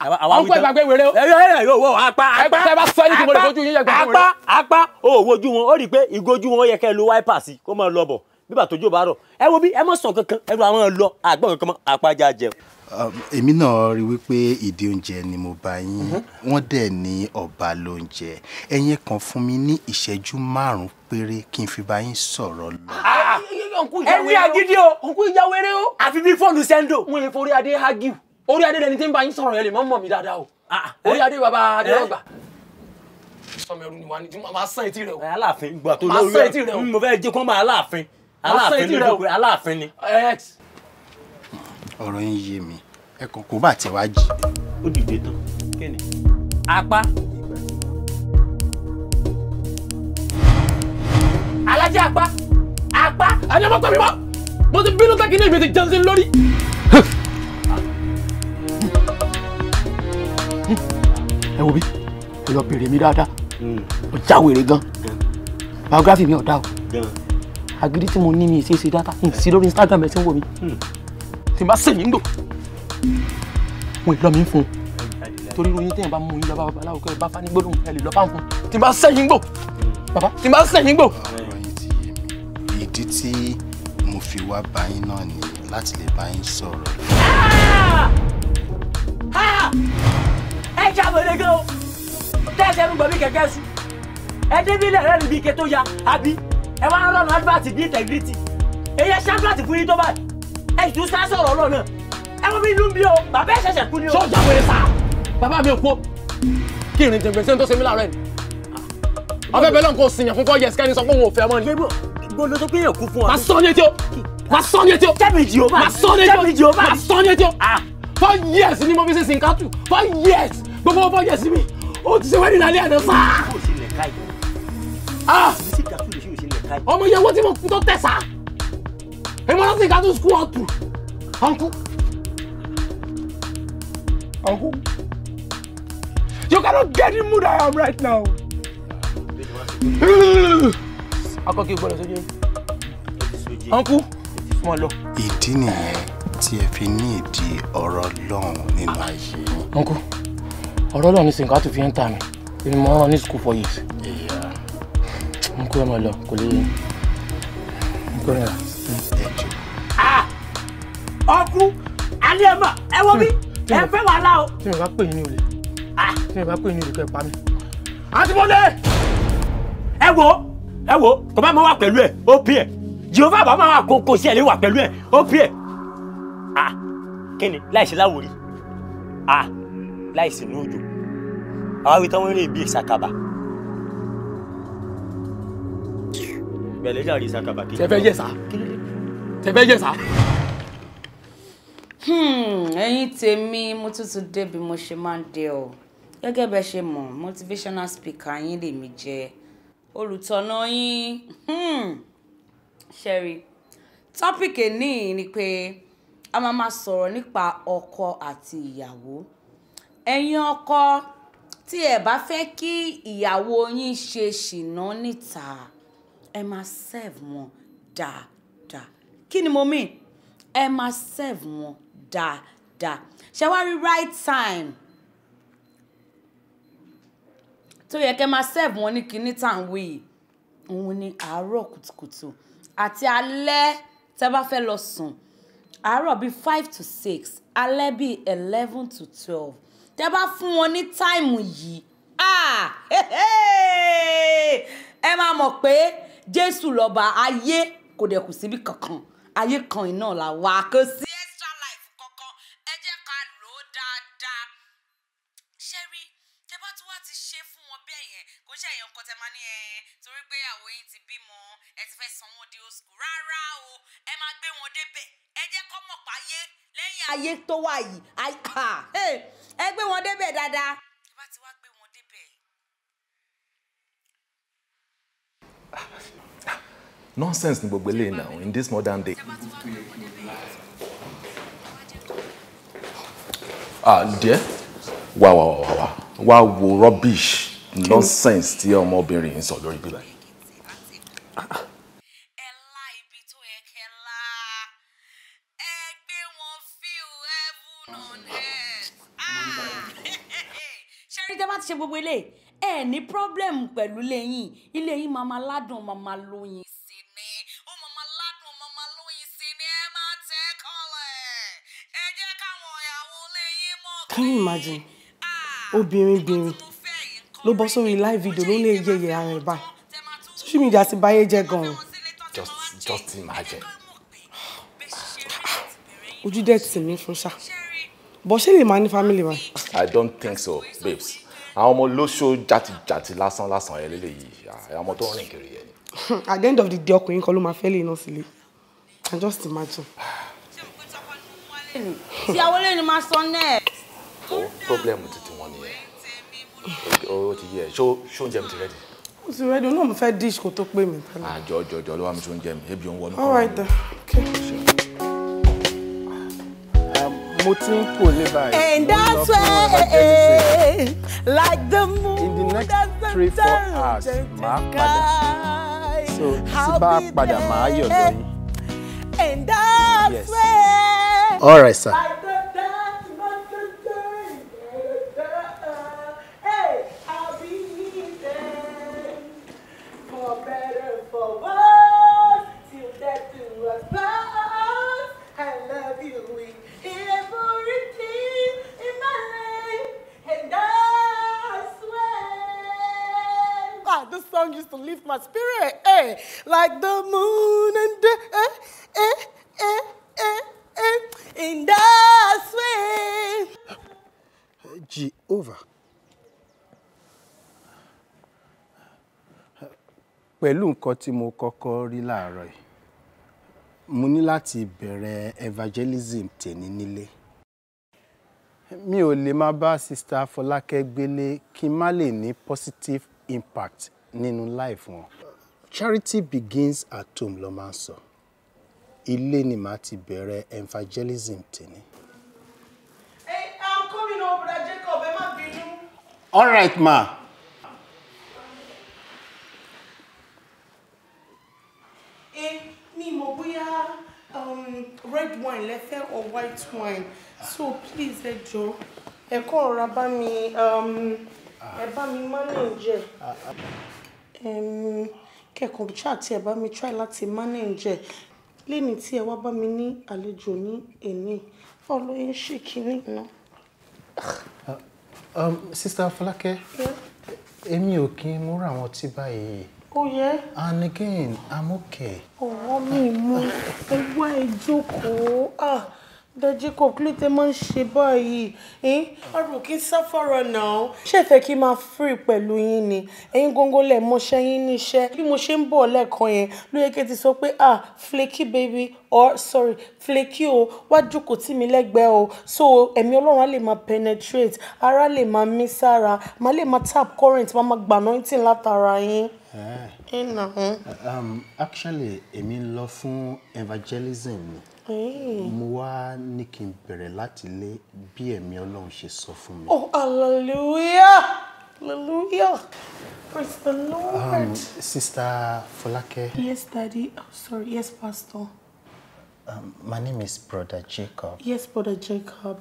àwọn ń pẹ́ ìgbàgbé wèrè o. ẹ yọ ẹ yọ wọ apá apá apá apá apá o ò wojú wọn ó rí i pé ìgojú wọn yẹ kẹ́ ẹ lo wáípà sí kó máa lọ bọ̀ bíbà tójú bá rọ̀ ẹ wo bí ẹ mọ̀ sàn kankan ẹ lọ àwọn lọ àgbọn kankan apá já jẹun èmi náà rí wípé ìdí oúnjẹ ni mo bá yín mm-hmm. wọ́n dẹ̀ ní ọba lóúnjẹ ẹ̀yin kan fún mi ní ìṣẹ́jú márùn-ún péré kí n fi bá yín sọ̀rọ̀ lọ. ẹni ah, agídí ah, ah. o òkú ìyáwéré o àfi bíi fóònù sẹ́ńdò. wọn lè forí adé hagiu orí adé lẹni tí ń bá yín sọ̀rọ̀ yẹn lè mọ́ mọ̀ mí dáadáa o orí adé baba eh? adéwọ̀gbà sọmẹrù ni wà ní máa sàn etí rẹ o. aláàfin gbà tó lórí ẹ mo fẹ́ jẹ́ kó máa aláàfin aláàfin ni. Eh, ọ̀rọ̀ yín yé mi ẹ kàn kó bá tẹ̀ wá jì. ó dìde tán kí ni. apá. alájà apá apá ẹni ọmọ pẹ́ mi mọ́ mo ti bínú tẹ́kí ní ìbí ti jẹun sí lórí. ẹ wo bí kò lọ bèrè mi dáadáa ó hmm. jáwèrè gan biography mi ò dá o agídí tí mo ní mi ṣe é ṣe dáadáa sí lórí Instagram ẹ ti ń wò mí. Hmm tí n bá sèyìn gbò wọn ìlọ mi ń fún un torí irú yín téèyàn bá mú yín lọ bá babaláwo kẹ́ ẹ bá fani gbólóhùn ẹ lè lọ bá ń fún un tí n bá sèyìn gbò bàbá tí n bá sèyìn gbò. ìdí tí mo fi wá bá yín náà ni láti lè bá yín sọ̀rọ̀. ẹ jáwèrè gan o tẹ́sẹ̀ ń gbọ́ bí kẹ̀kẹ́ sùn ẹ débí ilé rẹ̀ níbi ike tó ya àbí ẹ wá rọrùn advert bí integrity èyí ẹ ṣe advert fún yín tó báyìí ẹ jù sá sọ̀rọ̀ ọ̀rọ̀ náà ẹ mi lú bí o bàbá ẹ̀ ṣẹ̀ṣẹ̀ kú ni o. sọ́jà wẹ̀rẹ̀ sá bàbá mi ò kú kí ìrìn jẹ̀gbẹ̀ sẹ́ni tó ṣe mí láàárọ̀ ẹ̀ ọ̀fẹ́ bẹ́ẹ̀ lọ́nkọ́ sìyàn fún kọ́ yẹ sikẹ́ni sọ pé òun ò fẹ́ mọ́ ni. gbọ́dọ̀ tó pé èèyàn kú fún wa. máa sọ ní etí o máa sọ ní etí o. jẹ́mi jì ó báyìí jẹ́mi jì ó báyìí máa sọ ní etí o. Ah. four years ni mo fi ṣe sìnkátù four years gbogbo four years mi o ti ṣe wẹ́ẹ̀dì lálẹ́ àná sáà. Ah. ọmọ yẹn wọ́n ti mọ̀ tó tẹ̀ He must think I do school uncle. Uncle. Uncle. You cannot get in mood I am right now. Akọ́kí gbọ́dọ̀ sójú. Uncle, mo lọ. Ìdí nìyẹn tí ẹ fi ní ìdí ọ̀rọ̀ lọ́hùn nínú ayé. Uncle, ọ̀rọ̀ lọ́hùn ní sìnkà tó fi ń ta mi. Èmi mo rán ní school for years. Uncle ẹ mọ̀ lọ, kò lè. Uncle ẹ mọ̀ lọ ọkú alẹ́ ẹ̀ mọ̀ ẹ wọ́n mi ẹ fẹ́ wàhálà o. tí mi bá pè yín ní olè tí mi bá pè yín ní olè kẹ́ ẹ pa mi. àtibọ́lẹ̀ ẹ wo ẹ wo kò bá máa wà pẹ̀lú ẹ ó bí ẹ Jehova bá máa wà kó kó sí ẹ lè wà pẹ̀lú ẹ ó bí ẹ. Ah, kí ni láìsí láwòrí ah, láìsí lóòjò àwọn àwìn táwọn eré bíi ìsakaba. bẹ̀lẹ́jà rí ìsakaba kí. tẹ fẹ́ yẹ sá tẹ fẹ́ yẹ sá. Hmm, ẹ̀yin tèmi mo tún ti dé bí mo ṣe máa ń dé o gẹ́gẹ́ bẹ́ẹ̀ ṣe mọ̀ motivational speaker yín lèmi jẹ́ olùtọ́nà yín ṣẹ́rí tọ́pìkì ní ni pé a máa máa sọ̀rọ̀ nípa ọkọ àti ìyàwó ẹ̀yin ọkọ tí ẹ bá fẹ́ kí ìyàwó yín ṣe ṣìnà níta ẹ máa serve wọn dáadáa kí ni mo mean ẹ máa serve wọn dáadáa ṣe wá rí right time tó yẹ kẹ́ máa serve wọn ní kinní tá à ń wí yìí òun ni àárọ̀ kùtùkùtù àti alẹ́ tẹ́ bá fẹ́ lọ sùn àárọ̀ bíi five to six alẹ́ bíi eleven to twelve tẹ́ bá fún wọn ní táìmù yìí ah, ẹ máa mọ̀ pé jésù lọ́ba ayé kò dẹ̀ kù síbi kankan ayé kan iná là wà kò sí wà yìí ẹ gbé wọn débẹ̀ dáadáa. ẹ bá ti wá gbé wọn débẹ̀. nonsense ni gbogbo eléyìí now in this modern day. ah díẹ̀ wá wá wá wá wá wo rubbish nonsense tí ọmọbìnrin ń sọ lórí bíbá yìí. gbogbo eléyìí ẹ ní problem pẹ̀lú lẹ́yìn ilé yín máa máa ládùn máa máa lóyin sí ni ó máa máa ládùn máa máa lóyin sí ni ẹ máa tẹ́ kọ́lẹ̀ ẹ jẹ́ káwọn ìyàwó lẹ́yìn mọ̀ pé. can you imagine ah, obìnrin bìnrin ló bọ́ sórí live video ló lè yẹ̀yẹ̀ ara ẹ̀ báyìí social media ti báyé jẹ́ gan-an. just just imagine. ojú dẹ́ tì mí fún ṣá bọ́ ṣé lè máa ní family wa. i don't think so babes àwọn ọmọ olóṣó jàtìjàtì lásán lásán ẹ lélẹyìí àwọn ọmọ tó rìn kiri yẹn. at the end of the day ọkùnrin kan ló máa fẹ́ lè iná sílé i just imagine. tí àwọn olóyìn máa sọ náà. ó pọ́blẹ́mù títí wọn nìyẹn ó ti yẹ ṣó oúnjẹ mi ti rẹ́dì. ó ti rẹ́dì ó náà mo fẹ́ dish kó tó pé ah, mi. àjọ jọjọ ló wà mí ṣó oúnjẹ mi ebi òun wọnú kọ́ mi. all right then. okay mo ti ń kò lè báyìí. and that's why eh, like the moon in the next three four hours máa padà so tí bá padà máa yọ̀ lóyún. and that's yes. why. all right sir. pẹ̀lú nǹkan tí mo kọ́kọ́ rí láàárọ̀ yìí mo ní láti bẹ̀rẹ̀ evangelism tèmi nílé mi ò lè máa bá sista Fọlákẹ́ gbélé kí n má lè ní positive impact nínú life wọn charity begins at home ló máa ń sọ ilé ni màá ti bẹ̀rẹ̀ evangelism tèmi. Hey, I'm coming over, Jacob. Ẹ má bínú. All right, ma. mi mọ̀ bóyá um, red wine lẹ or white wine so please ẹ jọ ẹ kọ́ ọ̀rá bá mi um, ẹ bá mi manage kẹ̀kọ́ chat ẹ bá mi try láti manage lẹ́ni tí ẹ wá bá mi ní àlejò ní èmi ọlọ́yin ṣe kínní náà. Ah, um, sista Fọlákẹ́ èmi ò kí ń múra àwọn tí báyìí ó yẹ. and again i'm okay. ọwọ́ mi mú ọwọ́ ẹ jókòó. Ah! Dọ́jí kò kí ló tẹ máa ń ṣe báyìí ẹ́n ọ̀rọ̀ kí n sá fọ̀rọ̀ náà. ṣé ìfẹ́ kí n máa free pẹ̀lú yín ni ẹ̀yin góńgó lẹ̀ mọṣẹ́ yín níṣẹ́ bí mo ṣe ń bọ̀ lẹ́ẹ̀kan yẹn ló yẹ kí n ti sọ pé ah flaky baby or sorry flaky o wá jókòó tì mí lẹ́gbẹ̀ẹ́ o so ẹ̀mí ọlọ́run á lè máa penetrate ara lè máa mí sára má lè máa tap current má máa gbà anointing látara yín. Eh. Um, actually èmi ń lọ fún evangelism ni mo wá ní kí n bẹ̀rẹ̀ láti lé bí ẹ̀mí ọlọ́run ṣe sọ fún mi. oh hallelujah hallelujah praise the lord. Um, sister Folake. yes daddy oh, sorry yes pastor. Um, my name is brother Jacob. yes brother Jacob.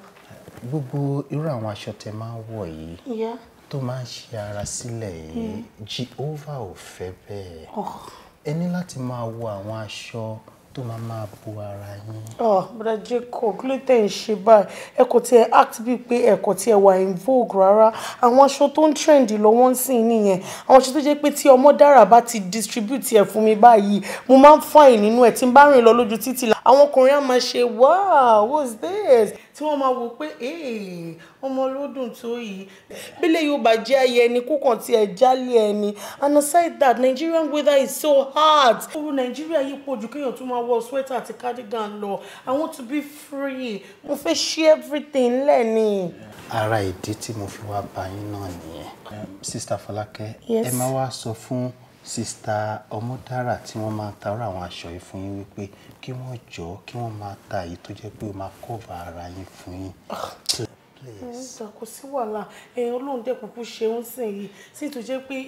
gbogbo irú àwọn aṣọ tẹ máa ń wọ̀ yìí. yeah tó máa ń ṣe ara sílẹ̀ yìí hmm. Jehovah ò fẹ́ bẹ́ẹ̀ oh. ẹ ní láti máa wọ àwọn aṣọ tó máa máa bo ara yín. ọ oh, bọ́dà Jacob ló tẹ̀ ń ṣe báyìí ẹ kò tiẹ̀ act bíi pé ẹ kò tiẹ̀ wà in vogue rárá àwọn aṣọ tó ń trendy. lọ́wọ́ ń sìn nìyẹn àwọn aṣọ tó jẹ́ pé tí ọmọ dára bá ti distribute ẹ̀ fún mi báyìí mo máa ń fine nínú ẹ̀ tí n bá rìn lọ lójú títì àwọn ọkùnrin á máa ṣe wow what's this tí wọ́n máa wò pé ọmọ ló dùn tó yìí bílẹ̀ yóò bá jẹ́ ayé ẹni kó kàn tiẹ̀ jálẹ̀ ẹni and aside that Nigerian weather is so hard. owó Nàìjíríà yìí pọ̀ ju kéèyàn tún máa wọ sweater àti cardigan lọ I want to be free mo fẹ́ ṣe everything lẹ́ni. ara ìdí tí mo fi wá bá yín náà nìyẹn. sista Fọlákẹ́ ẹ máa wá sọ fún sista ọmọdára tí wọ́n máa ń ta irú àwọn aṣọ yìí fún yín wípé kí wọ́n jọ kí wọ́n máa ta èyí tó jẹ́ pé ó máa kọ́ọ̀bà ara yín fún yín please. kò sí wàhálà ọlọ́run dẹ̀ kúkú ṣe ń sìn yìí sì tún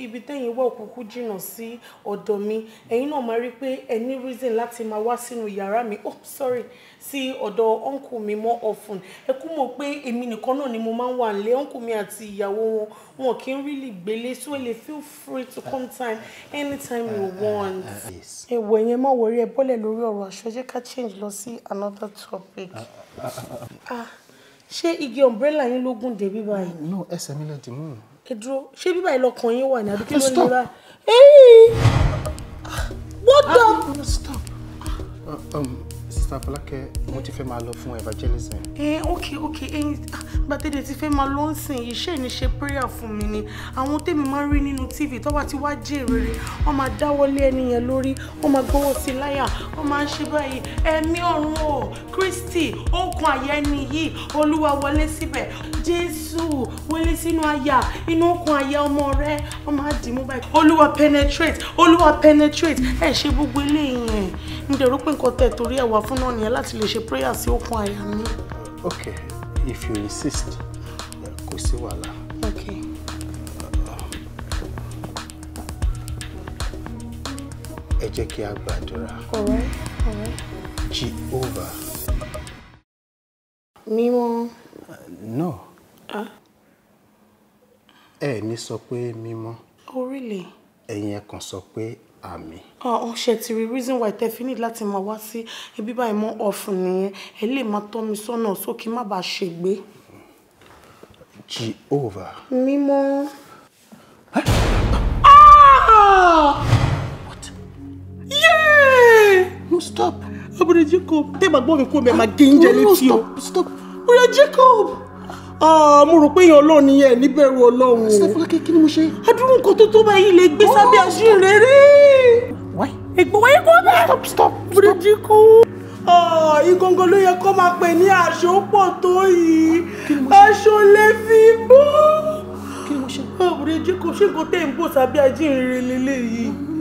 ibi tẹ́yìn wọ̀ kúkú jìnnà sí ọ̀dọ̀ mi ẹ̀yin náà máa rí pé ẹ reason láti máa wá sínú yàrá mi oh sorry sí Odo, uncle mi more often ẹ kú mọ̀ pé èmi nìkan náà ni mo máa ń wà uncle mi àti ìyàwó wọn wọn kì really gbélé so ẹ feel free to come time anytime you want. èèwọ̀ yẹn má wọrí ẹ bọ́lẹ̀ lórí ọ̀rọ̀ aṣọ jẹ́ ká change lọ sí another topic. Uh, uh, uh, ah ṣé igi umbrella yín ló gùn dé bíbá yìí. no ẹsẹ̀ mi lè dì mú. ẹ dúró ṣé bíbá yìí lọkàn yín wà ní àbí kí ló ní bá. what the. stop. Ah, um, sista Fọlákẹ́ mo ti fẹ́ máa lọ fún evangelism. ẹ eh, ok ok ẹyin eh, gbàtẹ́dẹ̀ ti fẹ́ máa lọ ń sìn iṣẹ́ ìní prayer fún mi ni àwọn tèmi máa ń rí nínú tv To bá ti wá jẹ́ rere wọ́n máa dáwọ́lé ẹni yẹn lórí wọ́n máa gbọ́wọ́ sí láyà wọ́n máa ń ṣe báyìí ẹ̀mí ọ̀run o kristi okun àyà ẹni yìí olúwa wọlé síbẹ̀ jésù wọlé sínú àyà inú okun àyà ọmọ rẹ wọ́n máa dì mú báyìí olúwa penetrate olúwa penetrate ẹ ṣe gbogbo eléyìí ń dẹ̀rú pé nǹkan tẹ̀ torí ẹ̀ wá fún náà nìyẹn láti lè ṣe prayer sí okùn àyà mi. ok if you insist kò sí wàhálà. ok. ẹ jẹ́ kí a gbàdúrà. ọ̀rẹ́ ọ̀rẹ́. Jehovah. Mimo. no. ẹ ní sọ pé Mimo? oh really. ẹ̀yin ẹ̀ kàn sọ pé àmì. ọ̀hún ah, oh, ṣe ti rí reason why tẹ́ fi ní láti máa wá sí ibi báyìí mọ́ ọ̀fun nìyẹn ẹ lè máa tọ́ mi sọ́nà sókè má bàa ṣègbé. Jehovah. mímọ́. Ah! what. yeah. no stop. abúlé Jacob tẹ́ bàgbọ́ mi kú mi ẹ̀ máa gé oúnjẹ létí o. no stop. abúlé Jacob. Ah, mo rò pé èèyàn ọlọ́run ni ẹ níbẹ̀rù ọlọ́run sẹfúlákẹ́ kí ni mo ṣe. adúrú nǹkan tó tó báyìí lè gbé sábẹ́ aṣírere. Oh! wáyé ẹ̀gbọ́n wáyé kọ́ bẹ́ẹ̀. stop stop stop. bíríjì kú. Ah, ìgòǹgò ló yẹ kó máa pè ní aṣọ pọ̀ tó yìí aṣọ lè fi bọ́. kí ni mo ṣe. bíríjì kò ṣe ah, nǹkan tẹ̀ ń bò sábẹ́ aṣírere lélẹ́yìí.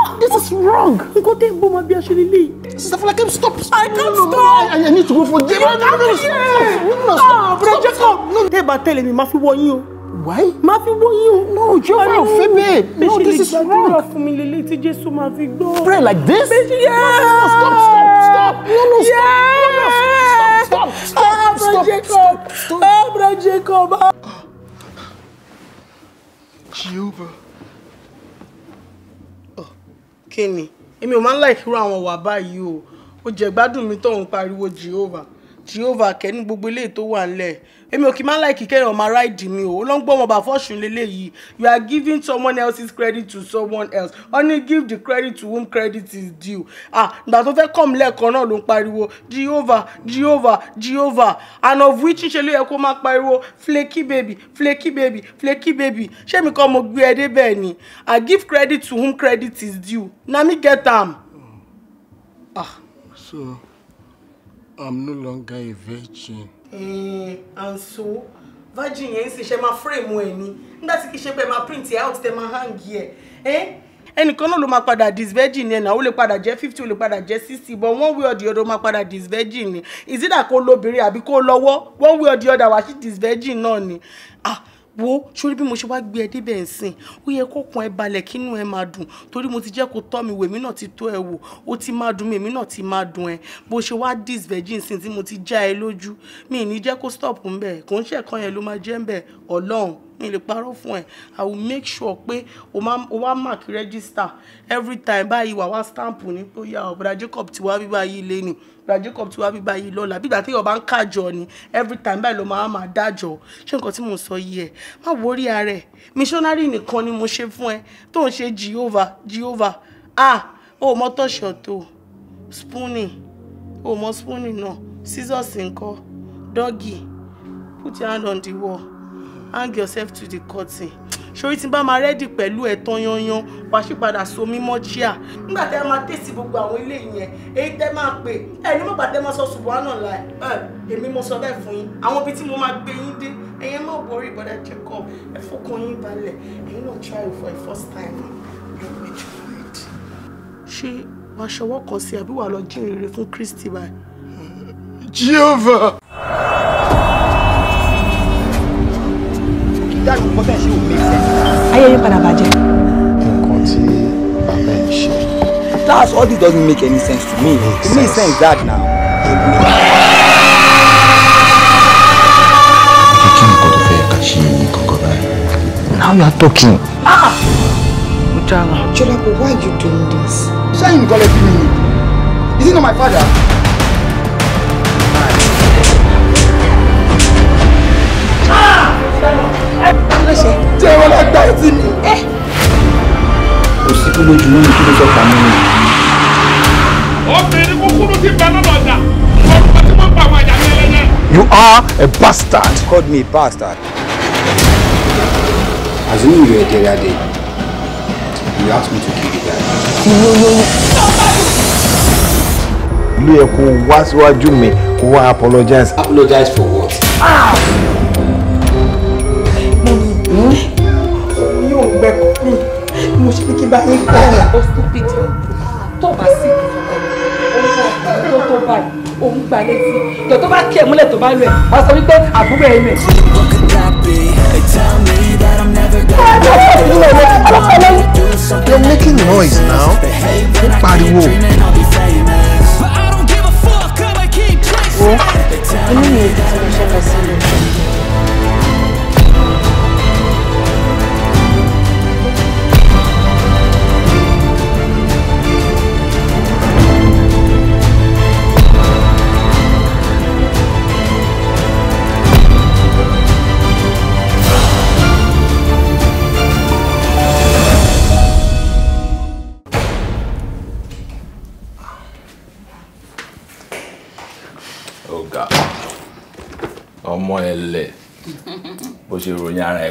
Oh, this is wrong. Nǹkan tẹ́ ń bọ́ máa bí aṣọ lélẹ̀. Sister Falake, stop. I can't no, no, stop. I, I need to go for dinner. No, no, no, stop, stop. Ah, Jacob, tẹ́ bá tẹ̀lé mi, máa fi wọ yín o. Why? Máa fi you? yín o. No, Jẹ́wọ́ náà No, this is wrong. Bẹ́ẹ̀ ṣe late gbàdúrà fún mi lélẹ̀ tí Jésù Pray like this? Bẹ́ẹ̀ ṣe No, stop, stop, stop. No, no, stop. No, no, stop, stop, stop, stop, ah, stop, stop. Ah, Bro Jacob. Ah, Bro Jacob. Jehovah kí ni èmi ò máa ń láìkí irú àwọn wà báyìí o ó jẹ gbádùn mi tóun pariwo Jehovah Jehovah kẹ́ gbogbo eléyìí tó wà ńlẹ̀ èmi ò kì í máa ń láì kíkẹ́ èèyàn máa ráìdì mi o olóńgbò wọn bá fọ́ọ̀ṣùn lélẹ́yìí you are giving someone else's credit to someone else only give the credit to whom credit is due ah ìgbà tó fẹ́ kọ́m lẹ́ẹ̀kan náà ló ń pariwo jehovah jehovah jehovah and of which ṣe ló yẹ kó máa pariwo flaky baby flaky baby flaky baby ṣé mi kọ́ mo gbé ẹ dé bẹ́ẹ̀ ni i give credit to whom credit is due na me get am. ah. so i'm no longer a virgin. àǹsó eh, virgin yẹn ń sì ṣe máa frame ẹ ni nígbà tí kì ma ṣe pé print out tẹ ma hang ẹ eh, ẹnìkan náà ló dis padà disvirgin yẹn náà ó lè padà fifty ó lè padà sixty but one way or the other ó padà ni kó lóbìnrin àbí kó lọ́wọ́ one way or the other wàá ni ah wo sórí bí mo ṣe wá gbé ẹ débẹ̀ ń sìn ó yẹ kó kun ẹ balẹ̀ kínú ẹ máa dùn torí mo ti jẹ́ kó tọ́ mi wò èmi náà ti tó ẹ wò ó ti máa dùn mí èmi náà ti máa dùn ẹ bó ṣe wá dis virgin sin tí mo ti já ẹ lójú mi ì ní jẹ́ kó stop ń bẹ̀ kò ń ṣẹ̀kan yẹn ló máa jẹ́ ń ọlọ́run mi lè parọ́ fún ẹ i will make sure pé o máa o wá mark register every time báyìí wà wá stamp ní pé ó yà ọ́ brother Jacob ti wá bíbá yìí lé ni brother Jacob ti wá bíbá yìí lọ́la bí ìgbà téèyàn bá ń kájọ ni every time báyìí ló máa máa dájọ́ ṣé nǹkan tí mò ń sọ yìí ẹ má wọrí ara ẹ missionary nìkan ni mo ṣe fún ẹ tó ń ṣe Jehovah Jehovah ah o mọ tọ̀ṣọ̀ tó spooning o mọ spooning náà scissors nǹkan doggy put your hand on the wall hang yourself to the curtain ṣorí tí n bá máa rẹ́dì pẹ̀lú ẹ̀tàn yanyan wàá sì padà so mí mọ́ máa tẹ̀sí gbogbo àwọn ilé yẹn èyí tẹ́ máa pè ẹ̀ ní mọ̀gbà tẹ́ máa sọ ṣùgbọ́n àná ẹ̀ èmi mo sọ bẹ́ẹ̀ fún yín àwọn ibi tí mo máa gbé yín dé ẹ̀yẹn má worry bọ́dà Jacob ẹ̀ fọkàn yín balẹ̀ ẹ̀yin náà try for a first time you will be right. ṣé wàá ṣọwọ́ kan sí àbí wàá lọ jíǹrere fún Kristi báyìí. Jehovah. dàrú padà bàjẹ́. nǹkan tí bàbá ẹ̀ ṣe. that's all this doesn't make any sense to me it makes sense, that now. kí ni nǹkan tó fẹ́ kà ṣe kankan báyìí. now you are talking. ah mo dára. jọlá but why you doing this. ṣé nǹkan lè bí mi ni is he not my father. lójú wọn ni kí ló fẹ́ pa mí ni. obìnrin kúkúrú ti bẹ lọ́dọ̀ ọ̀dà ọ̀pọ̀ tí wọ́n pa àwọn àjà mi lẹ́yìn. you are a bastard. you called me a bastard. assuming you You are. that day you asked me to kill You guy. ti ló lóyún. ilé ẹ kó wá síwájú mi kó wá apologize. apologize for what? Ah! bá yín kọ́ ọ̀. ó stupid tó bá sí tó tó báyìí òun gbà létí tó tó bá kí ẹ múlẹ̀ tó bá lù ẹ̀ wá sọ wípé àbúrò ẹ̀ mẹ́. You're making noise now. Ó pariwo. Ó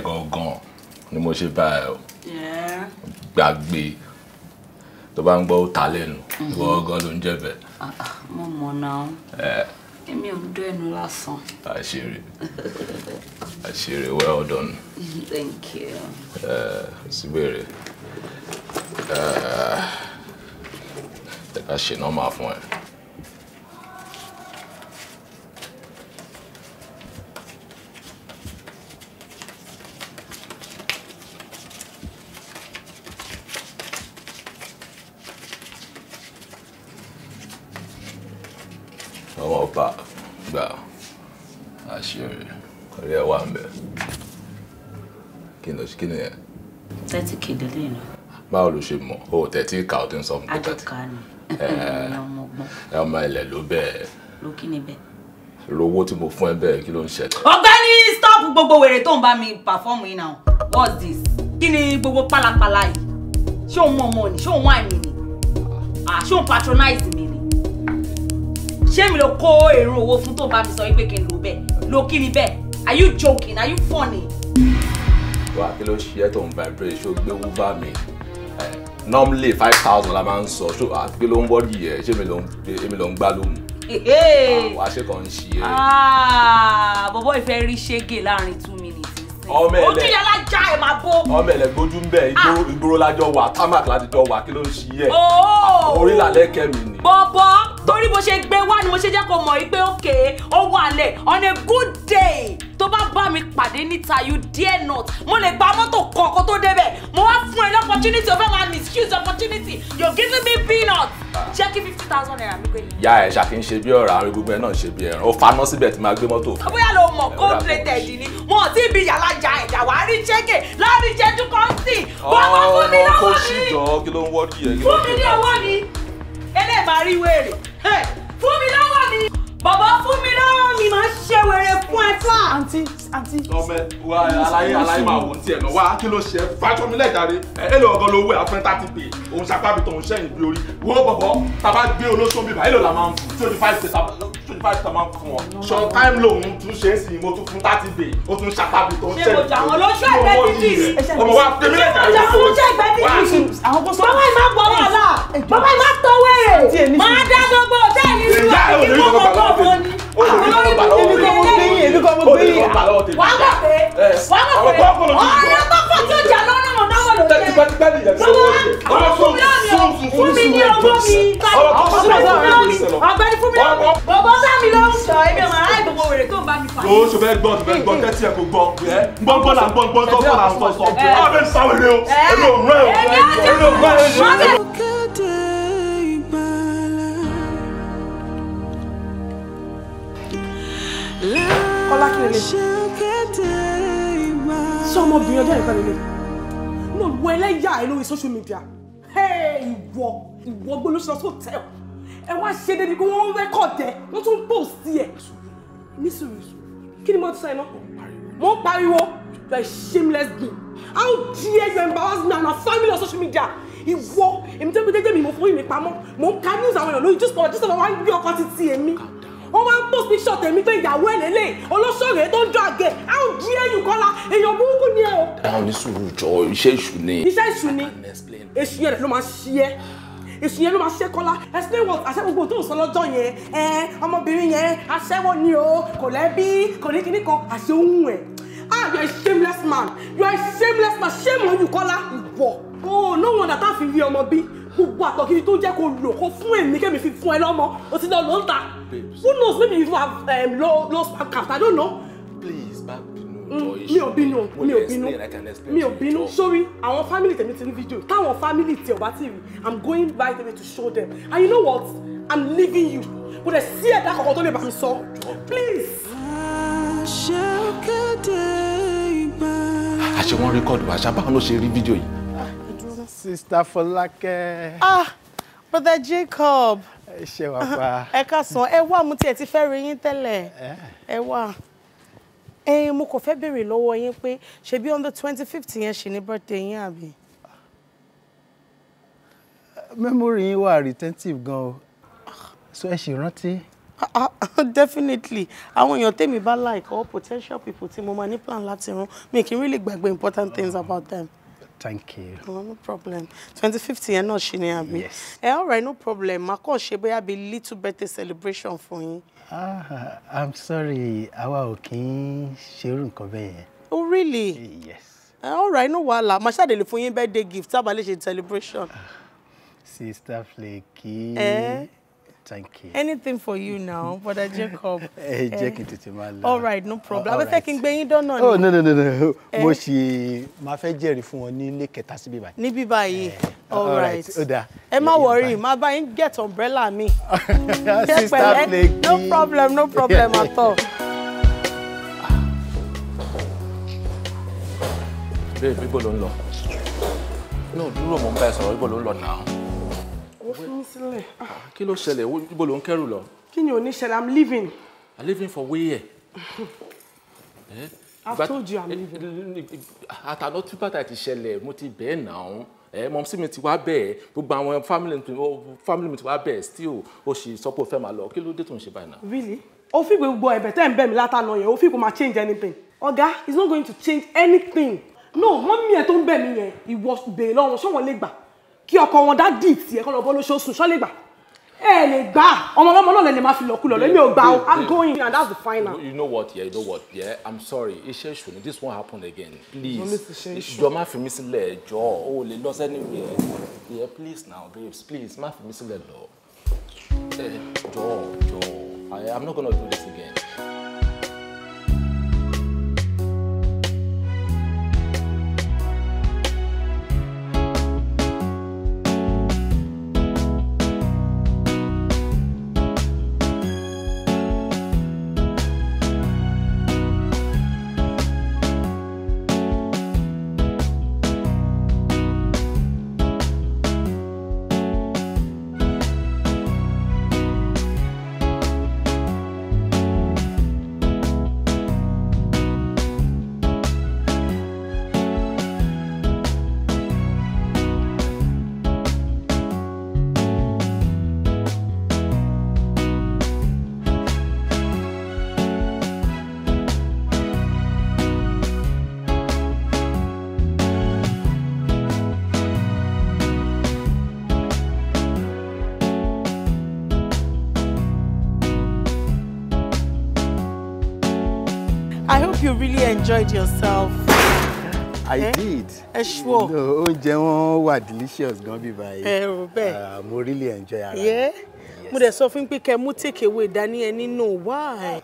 ẹ ni mo ṣe bá ẹ o gbàgbé tó bá ń gbọ́ ó lẹ́nu mm-hmm. ìwọ ló ń jẹ́ bẹ́ẹ̀. Ah, ah, mo mọ̀ náà eh. èmi ò dún ẹnu lásán. àṣírí àṣírí well done. thank you. Eh, síbèrè eh, ẹ ká ṣe nọ́mà fún ẹ. pa gbà àṣírí orí ẹ wà mbẹ kí ni thirty k délé ni. báwo ló ṣe mọ o thirty k ò ti ń sọ fún mi thirty. àjọkà ni ẹ ọmọ ilẹ̀ ló bẹ́ẹ̀. ló kí ni bẹ́ẹ̀. lówó tí stop gbogbo wèrè tó ń bá perform yìí now what's this kí ni gbogbo pálapàla yìí ṣé òun mọ̀ ọmọ ni ṣé òun wà ah, ṣé mi ló kó èrò owó fún tó bá mi sọ pé kí n lò bẹ́ẹ̀ lo kí ni bẹ́ẹ̀ are you joking are you funny. wà kí ló ṣe ẹ́ tó ń vibrate ṣó gbé wúbà mi normally five thousand la máa ń sọ ṣó à kí ló ń wọ́ọ̀dì yẹ ṣé èmi ló ń gbá lóhùn. àwọn aṣèkọ̀ ń ṣe é. Ah, bọ̀bọ̀ ìfẹ́ rí ṣége láàrin two minutes ọmọ ẹlẹ ojú yẹn lájà ẹ máa bó. ọmọ ẹlẹ gbójú ń bẹ ah. ìgboro lájọ wà támàkì láti jọ wà kí ló ń ṣiyẹ oh. orí làlẹ kẹmí ni. bọ́bọ́ torí bó ṣe gbé wá ni mo ṣe jẹ́ kó mọ̀ yìí pé okay ó wà lẹ̀ on a good day tó bá bá mi pàdé níta you dare not mo lè gba mọ́tò kọ̀ọ̀kan tó débẹ̀ mo wá fún ẹ lọ́pọ̀tunity o fẹ́ máa misuse opportunity you're giving me peanut ṣé kí fifty thousand naira mi pé ni. ìyá ẹ̀ ṣàfihàn ṣe bí ọ̀rọ̀ àárín gbogbo ẹ̀ náà ṣe bí ẹran ó faná síbẹ̀ tí máa gbé mọ́tò. bóyá ló mọ̀ gold plated ni wọn ò tí ì bi yàrá ja ẹ̀jà wàá rí ṣẹ́gẹ̀ láàrin ìṣẹ́jú kan sí. bọ́ọ̀ bá fún mi oh, lọ́wọ́ mi. ọmọ kò ṣì jọ kí ló ń wọ́ọ̀dì yẹn. fún mi ní ọwọ́ mi eléyìí máa rí wèrè fún mi lọ́wọ́ mi bọ̀bọ̀ fún mi lọ́wọ́ mi máa ṣe wèrè fún ẹ fún àǹtí àǹtí. ọmọ wa aláyé aláyé máa wò tí ẹ lọ wá kí ló ṣe fájọ mi lẹ́jàre ẹ lọ ọgọ́ lówó àfẹ́ tá ti pè òun ṣapá bìtàn òun ṣẹ́yìn bí orí wọ́n bọ̀bọ̀ tá a bá gbé olóṣòwò bíbá ẹ lọ máa ń fún tí ó di five days twenty five thousand máa fún ọ short time loan tún ṣe é sì mo tún fún thirty bay ó tún ṣàpàbí tó ń ṣe ìlú ọmọ yìí ọmọ wa tèmi lẹ́jà rẹ̀ fún mi. bàbá yìí máa gbọ́ wàhálà bàbá yìí máa tọ́wé máa dá gbogbo tẹ́ẹ̀lì ìlú àti kí wọ́n mọ̀ kọ́ fún ni. ni ọgbọ́n mi. ọgbẹ́ni fún mi ní ọgbọ́n mi. bọ́bọ́ ọ̀sá mi ló ń sọ èmi ọmọ ará ìgbogbo wèrè tó ń bá mi fà. o ṣò fẹ́ gbọ́ ṣò fẹ́ gbọ́ eh, eh. tẹ́tí ẹ̀ kò gbọ́ ẹ̀ gbọ́ngbọ́n là ń gbọ́ngbọ́n tọ́kọ̀ là ń sọ sọ ọ́ bẹ́ẹ̀ sáwé eh. rẹ o èmi ò rẹ o èmi ò rẹ o. kọ́lá kí lè ṣe ọmọbìnrin ọjọ́ ìpẹ́ lélẹ̀ náà wọ ẹlẹ́yà ẹ lórí social media ìwọ ìwọ gbólóṣọ́ tó tẹ̀ ọ́ ẹ wá ṣe débi pé wọ́n ń rẹ́kọ̀dì ẹ̀ wọ́n tún post ẹ̀ nísìrì kí ni mo ti sọ iná mo ń pariwo you are shameless being how dare you embarrass me and our family on social media ìwọ èmi tẹ́ mi jẹ́jẹ́ mi mo fún ìmì pamọ́ mo ń ka news àwọn èèyàn lórí jíṣọ́ jíṣọ́ wọn wá ń gbé ọkọ títí èmi wọ́n wá ń post picture tèmi pé ìyàwó ẹ̀ lélẹ̀ olóṣòrè tó ń jọ àgẹ̀ how dare you Kọ́lá èèyàn burúkú ni ẹ o. àwọn oníṣòwò jọ iṣẹ́ ìṣù ni. iṣẹ́ ìṣù ni èṣù yẹn ló máa ṣí ẹ èsì yẹn ló máa ṣe kọ́lá explain what àṣẹ gbogbo tó ń sọ lọ́jọ́ yẹn ẹ ọmọbìnrin yẹn aṣẹ́wó ni o kò lẹ́bí kò ní kíní kan àṣẹ ohun ẹ̀ ah you are a shameless man you are a shameless man shame on you kọ́lá ìwọ o oh, no wonder tá a fi rí ọmọ bí gbogbo àtọ̀kiri tó jẹ́ kó lò kó fún èmi kémi fi fún ẹ lọ́mọ o ti lọ lọ́ta who knows maybe you have um, low low sperm count i don't know. Mm. mi ò bínú mi ò bínú mi ò bínú sórí àwọn family tèmi ti rí fídíò táwọn family tí ò ti rí i'm going right away to show them and you know what i'm leaving you kò dẹ̀ sí ẹ̀dá kankan tó lè bá mi sọ please. àṣé wọ́n rékọ́dù àṣà báwọn ló ṣe rí fídíò yìí. sista Fọlákẹ́. ah brother Jacob. ẹ ṣe wà pa. ẹ ká sàn ẹ wá mú tiẹ̀ ti fẹ́ rí yín tẹ́lẹ̀ ẹ wá ẹyin eh, mo kò fẹ́ béèrè lọ́wọ́ yín pé ṣebí on the twenty fifth yẹn ṣì ní birthday yín àbí. memory yín wà retentive gan o so ẹ ṣì rántí. Ah, ah, definitely àwọn èèyàn tèmi bá like all potential people tí mo máa ní plan láti run mi kì í really gbàgbé important things ah, about them. Thank you. No, no problem. 2050 yẹn náà ṣì ní àbí. Yes. Eh, all no problem. Màá kàn ṣe bóyá bíi little birthday celebration fún yín. Ah, i'm sorry àwa ò kì í ṣerú nǹkan bẹ́ẹ̀ oh really. yes. Ah, all right no wahala màá ṣàdèlè fún yín birthday gift tá a bá celebration. Ah, Sister flaky. Eh? Thank you. Anything for you now, Brother Jacob. Ẹ jẹ́ eh, kí n All right, no problem. I was thinking, n you don't know. Oh no no no no, eh. mo ṣì máa fẹ́ jẹ́rìí ni wọn ní ilé kẹta síbí báyìí. Níbí báyìí, eh, all right. oda. dáa. ma worry, ma bá yín get umbrella mi. Sister Blakey. No problem, no problem at all. Babe, bí bò ló ń lọ. Inú dúró mò ń bá ẹ sọ̀rọ̀ bí bò ló ń ó fi mí sílẹ̀. Ah, kí ló ṣẹlẹ̀ ibo ló ń kẹ́rù lọ. kí ni ò ṣẹlẹ̀ i'm leaving. i'm leaving for where. Eh? I've told you I'm eh, leaving. Àtàná tí bàtà ti ṣẹlẹ̀, mo ti bẹ́ẹ̀ náà. Ẹ eh, mọ̀ sí mi ti wá bẹ́ẹ̀, gbogbo àwọn family mi ti wá bẹ́ẹ̀ still o ṣì sọ pé o fẹ́ máa lọ. Kí ló dé tó ń ṣe báyìí náà? Really? O fi gbogbo ẹ̀bẹ̀ tẹ́ ń bẹ̀ mí látàná yẹn, o fi kò máa change anything. Ọ̀gá is not going to change anything. No, wọ́n mi ẹ̀ tó ń bẹ̀ mí yẹn, ìwọ bèè lọ́run, ṣé wọ́n lè gbà? kí ọkọ wọn dá dì tí ẹkọ lọ bọ lóṣooṣù ṣọ gbà ẹ lè gbà ọmọ náà lẹni máa fi lọkulọ lẹmi ò gbà o i'm going and that's the final. you know what yeah you know what yeah i'm sorry iṣẹ́ ìṣòro this won't happen again please jọ má fi mí sílẹ̀ jọ o lè lọ sẹ́ni wẹ̀ yeah please now babes please má fi mí sílẹ̀ lọ jọ eh, jọ i'm not gonna do this again. really enjoyed yourself. I eh? did. Ẹ eh, ṣùọ́. No, oúnjẹ wọn wà delicious gan bí báyìí. Ẹ eh, ò bẹ́ẹ̀. Ah, mo really enjoy ara mi. Mo dẹ̀ sọ fún pé kẹ́ mú take away dání ẹ nínú wá.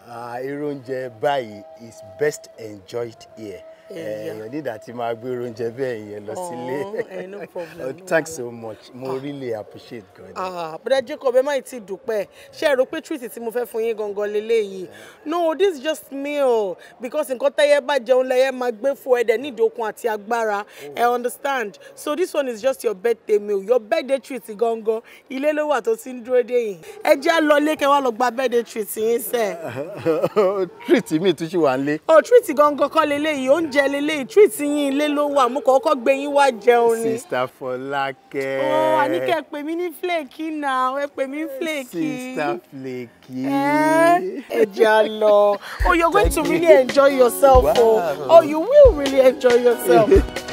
Ah, irú oúnjẹ báyìí is best enjoyed here èèyàn dídà ti máa gbé oúnjẹ bẹ́ẹ̀ yẹn lọ sílé thanks so much mo ah. really appreciate God. Ah, bọ́dà Jacob ẹ má ti dúpẹ́ ṣé ẹ rò pé treat tí mo fẹ́ fún yín gangan leléyìí no this is just meal because nǹkan tẹ́yẹ bá jẹun lẹ́yẹ máa gbé fún ẹ̀dẹ̀ nídìí okun àti agbára I oh. understand so this one is just your birthday meal your birthday treat gangan ilé ló wà tó ti ń dúró dé yìí ẹ jẹ́ lọ lé kẹ́ wá lọ gba birthday treat yín sẹ́ẹ̀. treat mi tún ṣì wà ń lé. oh treat gangan kọ́ leléyìí oúnjẹ jẹ lélẹ̀ treat yín ilé ló wà mo kọ́kọ́ gbé yín wá jẹun ni. sista Fọlákẹ́. ó àníkẹ́ pè mí ní flaky náà ẹ pè mí flaky. sista flaky. ẹ jẹ́ a lọ oh you're going to really enjoy yourself o oh. oh you will really enjoy yourself.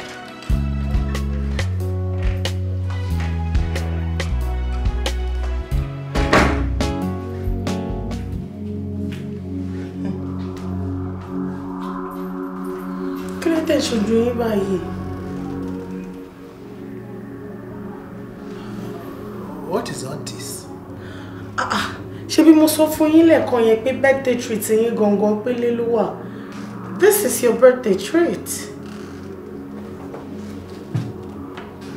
lè yín báyìí? What is all this? Ah, ah, Ṣé bí mo sọ fún yín lẹ́ẹ̀kan yẹn pé birthday treat yín gangan pélé ló wà? This is your birthday treat.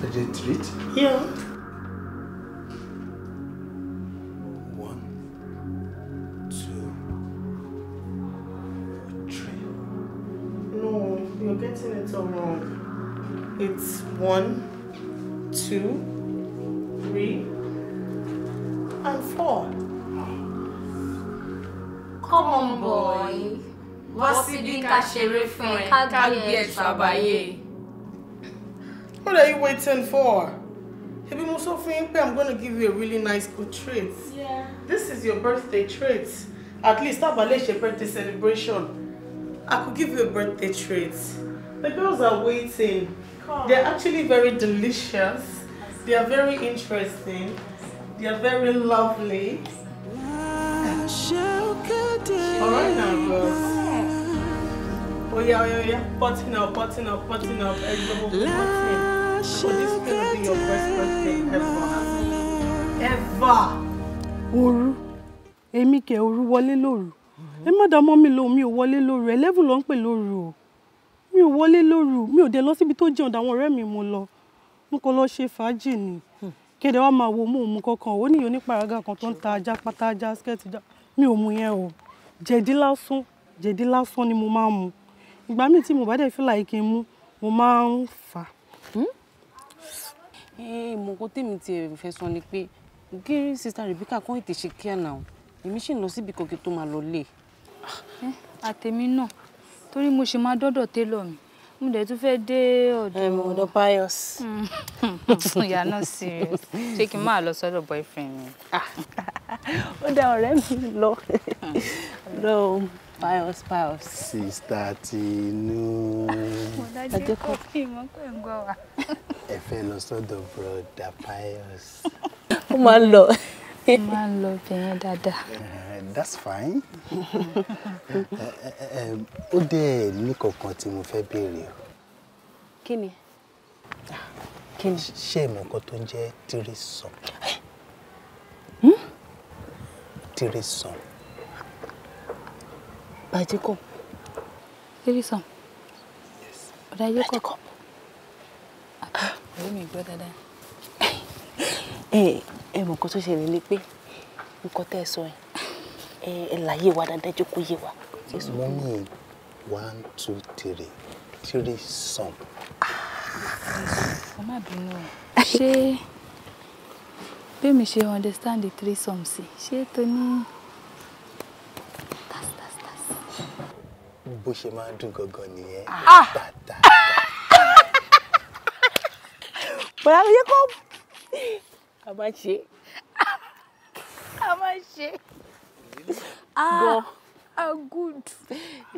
Birthday treat? Yeah. I'm getting it all wrong. Um, it's one, two, three, and four. Come on, boy. What's síbí ká ṣeré fún ẹ, ká gbé ẹ What are you waiting for? Ebi mo sọ fún yín pé I'm give you a really nice good treat. Yeah. This is your birthday treat. At least have a bá birthday celebration. I could give you a birthday treat. The girls are waiting. Come. They're actually very delicious. They are very interesting. They are very lovely. Alright now, girls. Oh yeah, oh yeah, oh yeah. Button up, button up, button up. Everybody button. Oh, this is gonna be your first birthday ever. Ever. Òru. Èmi kẹ̀ òru wọlé lóru ẹ má dá mọ́ mi lóhùn mi ò wọlé lóru eleven ló ń pè lóru o mi ò wọlé lóru mi ò dé lọ síbi tó jẹun dáwọn ọ̀rẹ́ mi mo lọ mo kọ lọ ṣe fàájì ni kéde wa máa wo mú òun kankan ó níyàn oníparaga kan tó ń ta ajá pátá ajá skẹ́ẹ̀tì já mi ò mu yẹn o jẹ̀dí lásán jẹ̀dí lásán ni mo máa ń mu ìgbà míì tí mo bá dẹ̀ feel like kí n mu mo máa ń fà á. ìmọ̀kò hmm? eh, tèmi tiẹ̀ fẹ́ sọ ni pé gírí sista Rebecca kàn ètè ṣe kíá náà èmi sì lọ síbi kan kí tó máa lọ lé. àtẹ̀mí náà torí mo ṣe máa dọ́dọ̀ télọ̀ mi mo dẹ̀ tún fẹ́ẹ́ dé ọ̀dọ̀. ọ̀dọ̀ Pius. Hmm. ìyá náà serious ṣé kí n máa lọ sọ́dọ̀ boyfriend mi. Ah. ó dá ọ̀rẹ́ mi lọ lọ Pius Pius. sista Tinú. mo dájú kó kí n mọ pé ń gbọ́ wa. ẹ fẹ́ lọ sọ́dọ̀ broda Pius. ó máa ń lọ. Man love lọ obìnrin dáadáa. Eh, that's fine. Eh, eh, ó dẹ̀ ní kankan tí mo fẹ́ béèrè o. kí ni. Ah, kí ni. ṣé ìmọ̀ nǹkan tó ń jẹ́ tírísàn. tírísàn. bàjẹ́ kọ́. tírísàn. ọ̀dà yóò kọ́. àbí mi gbọ́ dáadáa ẹ mọ̀ nǹkan tó ṣẹlẹ̀ ni pé nǹkan tẹ́ ẹ sọ yẹn ẹ láyé wa dáadáa jẹ́ yé wa. mo ní one two three three sum. ẹ bínú o ṣé bẹ́ẹ̀mi ṣe understand the three sums ṣé tó ní. bó ṣe máa dùn gangan nìyẹn bàtà. Ah. bọ̀dá yẹ kó a máa ṣe a máa ṣe ah, gan a ah, good.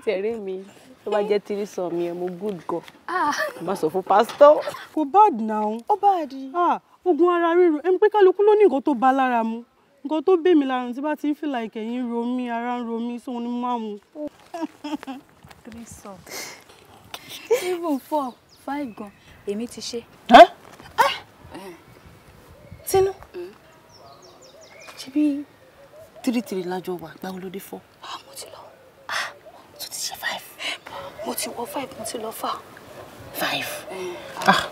tẹ̀rí mi tó bá jẹ́ tírí sọ mi ẹ̀ mo good gan ah. má sọ fún pásítọ̀. kò bad now. ó bad. oògùn ara ríro ẹni pé kálukú ló ní nǹkan tó bá lára mu nǹkan tó bèmí lára tí bá ti ń fìlà ìkẹyìn ro mí ara ń ro mí sóhun ni mo máa mu. tírí sọ even four five gan èmi ti ṣe. ẹ́ Tínú. Mm. Ṣé bí three three lájọ wà gbáwo ló dé four? Ah, mo ti lọ. Tó ah, ti ṣe five. Mo ti wọ five, mo ti lọ fà. Five. Mm, ah.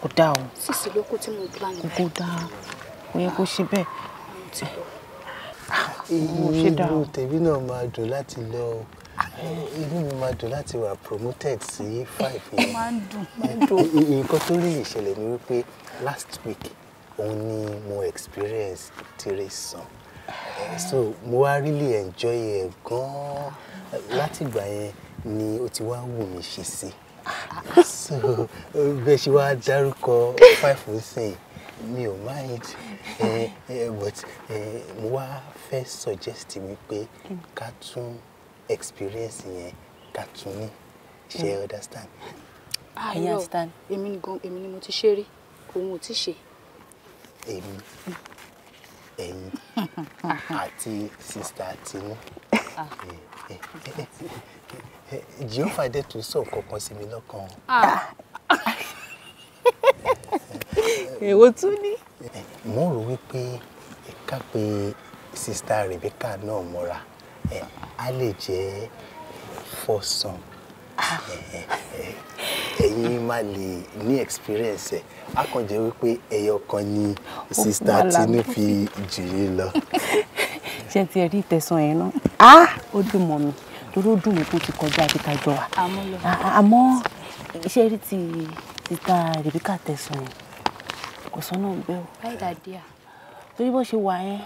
Kò dáa o. Sísè ló kó tí mo plan. Kò dáa. Kò yẹ kó ṣe bẹ́ẹ̀. Mo ti lọ. Inú tèmi náà máa dùn láti lọ o inú mi máa dùn láti wà promoted sí five yẹn. máa ń dùn. nǹkan tó rí ìṣẹ̀lẹ̀ ni wípé last week òun ni mo experience tèrè sàn so mo wá really enjoy ẹ̀ gan-an látìgbà yẹn ni ó ti wá wù mí ṣe sí so bẹ́ẹ̀ ṣe wá dárúkọ five nsìn mi ò mind but mo wá fẹ́ suggest wípé ká tún experience yẹn ká tún ní ṣe understand. Ah, I understand. èmi ni mo ti ṣe rí òun ò ti ṣe èmi ẹ̀yin àti sista tinú ah. Jehova dé tún sọ nǹkan kan sí mi lọ́kàn. Ah. èwo tún ní. mo rò wípé ká pe sista Rebecca náà mọ́ra a lè jẹ́ foursome ẹ̀yin má lè ní experience ẹ̀ á kàn jẹ́ wípé ẹyọ kan ni sista tinú fi jìrì lọ. ṣé ti ẹ rí ìtẹ̀sán yẹn náà ah! Ah! ó dùn mọ́ mi torí ó dùn mí tó ti kọjá àbíkájọ wa àmọ́ iṣẹ́ ah, rí ti títa Rebecca tẹ̀sán yẹn kò sọ́nà ọ̀gbẹ́ o. báyìí dàdí à. torí bó ṣe wà yẹn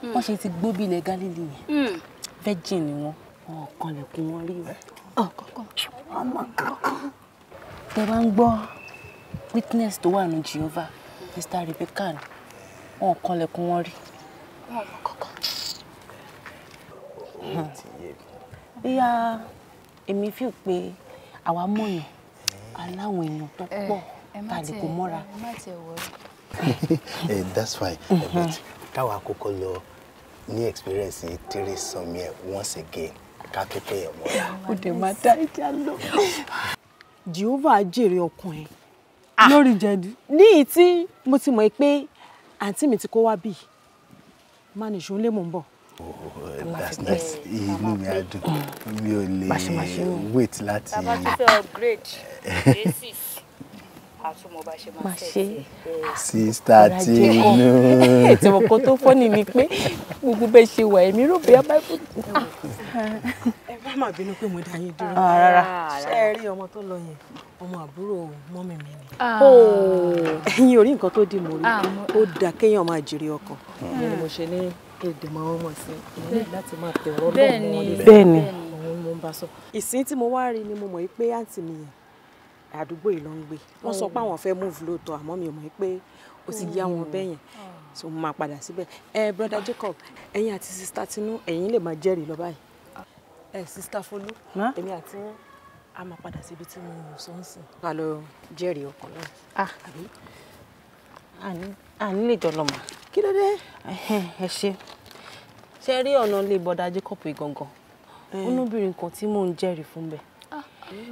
hmm. wọ́n ṣe ti gbóbi ilẹ̀ Galilee yẹn hmm. virgin ni wọ́n wọn ò kanlẹ̀kùn wọn rí o ọ̀kọ̀ọ̀kan ọmọ kankan. tẹ bá ń gbọ́ witness tó one ní Jehovah Mr. Rebecca ni wọn kanlẹ̀kùn wọn rí ọmọ kankan. bíyà èmi fi pé àwa mọ̀yàn aláwọn èèyàn tó pọ̀ ta lè kó mọ́ra. Eh, that's why. Mm-hmm. but táwa àkọ́kọ́ lọ new experience three summer once again kákété ẹ̀ wọ́n. ó dè máa dá ìjà lọ. jehovah jèrè ọkàn ẹ ah. lórí jẹ̀dú. ní ìyí tí mo ti mọ̀ pé àǹtí mi ti kó wá bì mánìṣó lè mò ń bọ̀. Oh, that's nice inú mi á dùn mi ò lè wait láti. bàbá tó fẹ́ upgrade basis. máa ṣe sísítà tí inú. ìtìmọ̀ kan tó fọ́nì ni pé gbogbo bẹ́ẹ̀ ṣe wà èmi rò bí abáyébù. Ah. ẹ bá má bínú pé mo dá yín dúró. Ah, rárá ṣé ẹ rí ọmọ tó lọ yẹn ọmọ àbúrò mọ́mì mi ni. Ah. Oh. ẹ̀yin ò rí nǹkan tó dì mọ́ rí ó dà kéèyàn máa jèrè ọkọ hmm. ni mo ṣe ní èdè mọ́ ọmọ sí láti máa tẹ̀wọ́ lọ́wọ́ wọn. ni òun ìsìn tí mo wá rí ni mo mọ̀ pé àǹtí mi yẹn àdúgbò yìí ló ń gbé wọ́n sọ pé oh. àwọn fẹ́ move lóòótọ́ àmọ́ mi ò mọ̀ pé ó ti yá wọn mm. bẹ́ẹ̀ yẹn oh. so mo máa padà síbẹ̀ ẹ eh, brother Jacob ẹ̀yin àti sista Tinú ẹ̀yin lè máa jẹ́rìí lọ báyìí ẹ eh, sista folu, èmi àti yín a máa padà síbi tí mo mú sọ́nsìn. ká lọ jẹ́rìí ọkàn náà. Ah. àní lè jọ lọ mà. kí ló dé. ẹ ṣe ṣe rí ọ̀nà ilé bọ́dá Jacob gangan eh. ó lóbìnrin kan tí mò ń jẹ́rìí fún bẹ́ẹ̀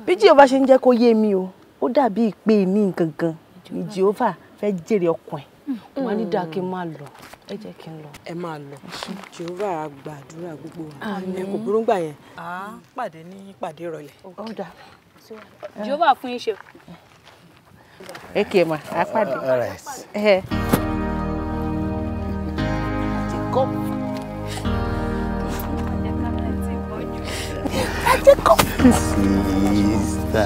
bí jehova ṣe ń jẹ́ kó yé mi o ó dàbí ìpè ní nǹkan gan ni jehova fẹ́ jèrè ọkàn ẹ̀ wọn ní dáa kí n máa lọ ẹ jẹ́ kí n lọ. ẹ máa lọ jehova gbàdúrà gbogbo ẹ kò burú gbà yẹn á pàdé ní pàdé ìrọ̀lẹ́. ọ̀dà jehova fún yín ṣe. ẹ kì í ma a pàdé. ẹ ti kọ́. aja kok. Sista.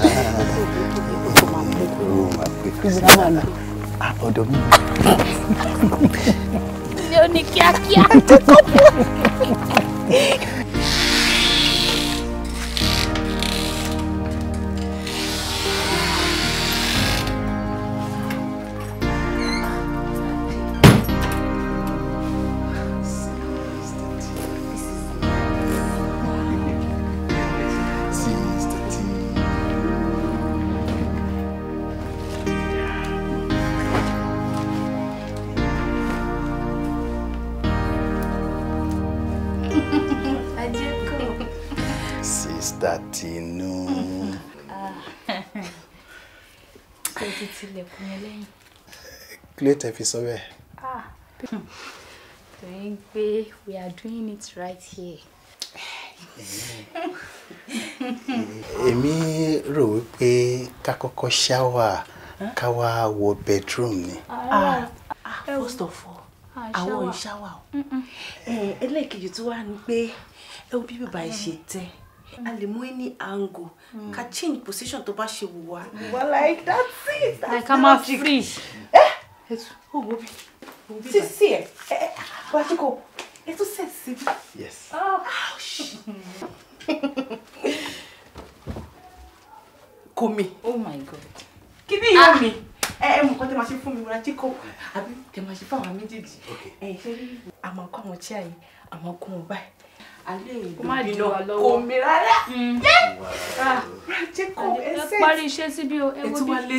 Bisa Apa dong? Dia unik kia kia aja kok. kí ló tẹ̀ fi sọ bẹ́ẹ̀. Ah, torí pé we are doing it right here. èmi rò wípé ká kọ́kọ́ ṣáwà ká wá wọ bedroom ni. Ah, ah, first of all àwọn ìṣáwà o ẹlẹ́ẹ̀kejì tó wà ní pé ẹ wo bí bàbá yìí ṣe tẹ́ a lè mú any angle ká mm. change position tó bá ṣe wù wá. wà like that's it. like a ma free. Eh? Oh, Bobby. Sì, sì, ẹ. Wájú kò, ẹ tún sẹ̀ sí. Eh, eh, eh, yes. Kò mi. Oh my God. Kí ni ìyá mi? Ẹ ẹ mọ̀ kọ́ tẹ máa ṣe fún mi, mo ra jí kò. Àbí tẹ máa ṣe fún àwọn méjèèjì. Ẹ ṣe rí àmọ́ kọ́ àwọn tí àyè, àmọ́ kọ́ wọn báyìí. Alẹ́ ìlú kò mi rárá. Ra jí kò ẹ sẹ́ẹ̀tì. Ẹ parí iṣẹ́ síbí o, ẹ wo bí. Ẹ tún wá lé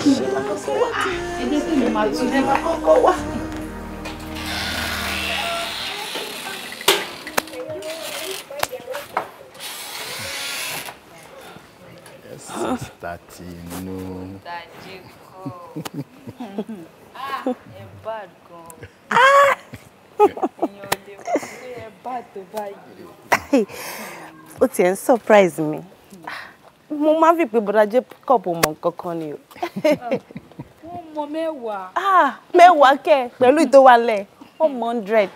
kí n máa kọ́kọ́ wá ẹ jẹ́ kí mi máa tún ẹ máa kọ́kọ́ surprise me mo máa ń fi pé bọ́dá Jacob mọ nǹkan ni o. wọ́n mọ mẹ́wàá. ah mẹ́wàá kẹ̀ pẹ̀lú ìtòwálẹ̀ one hundred.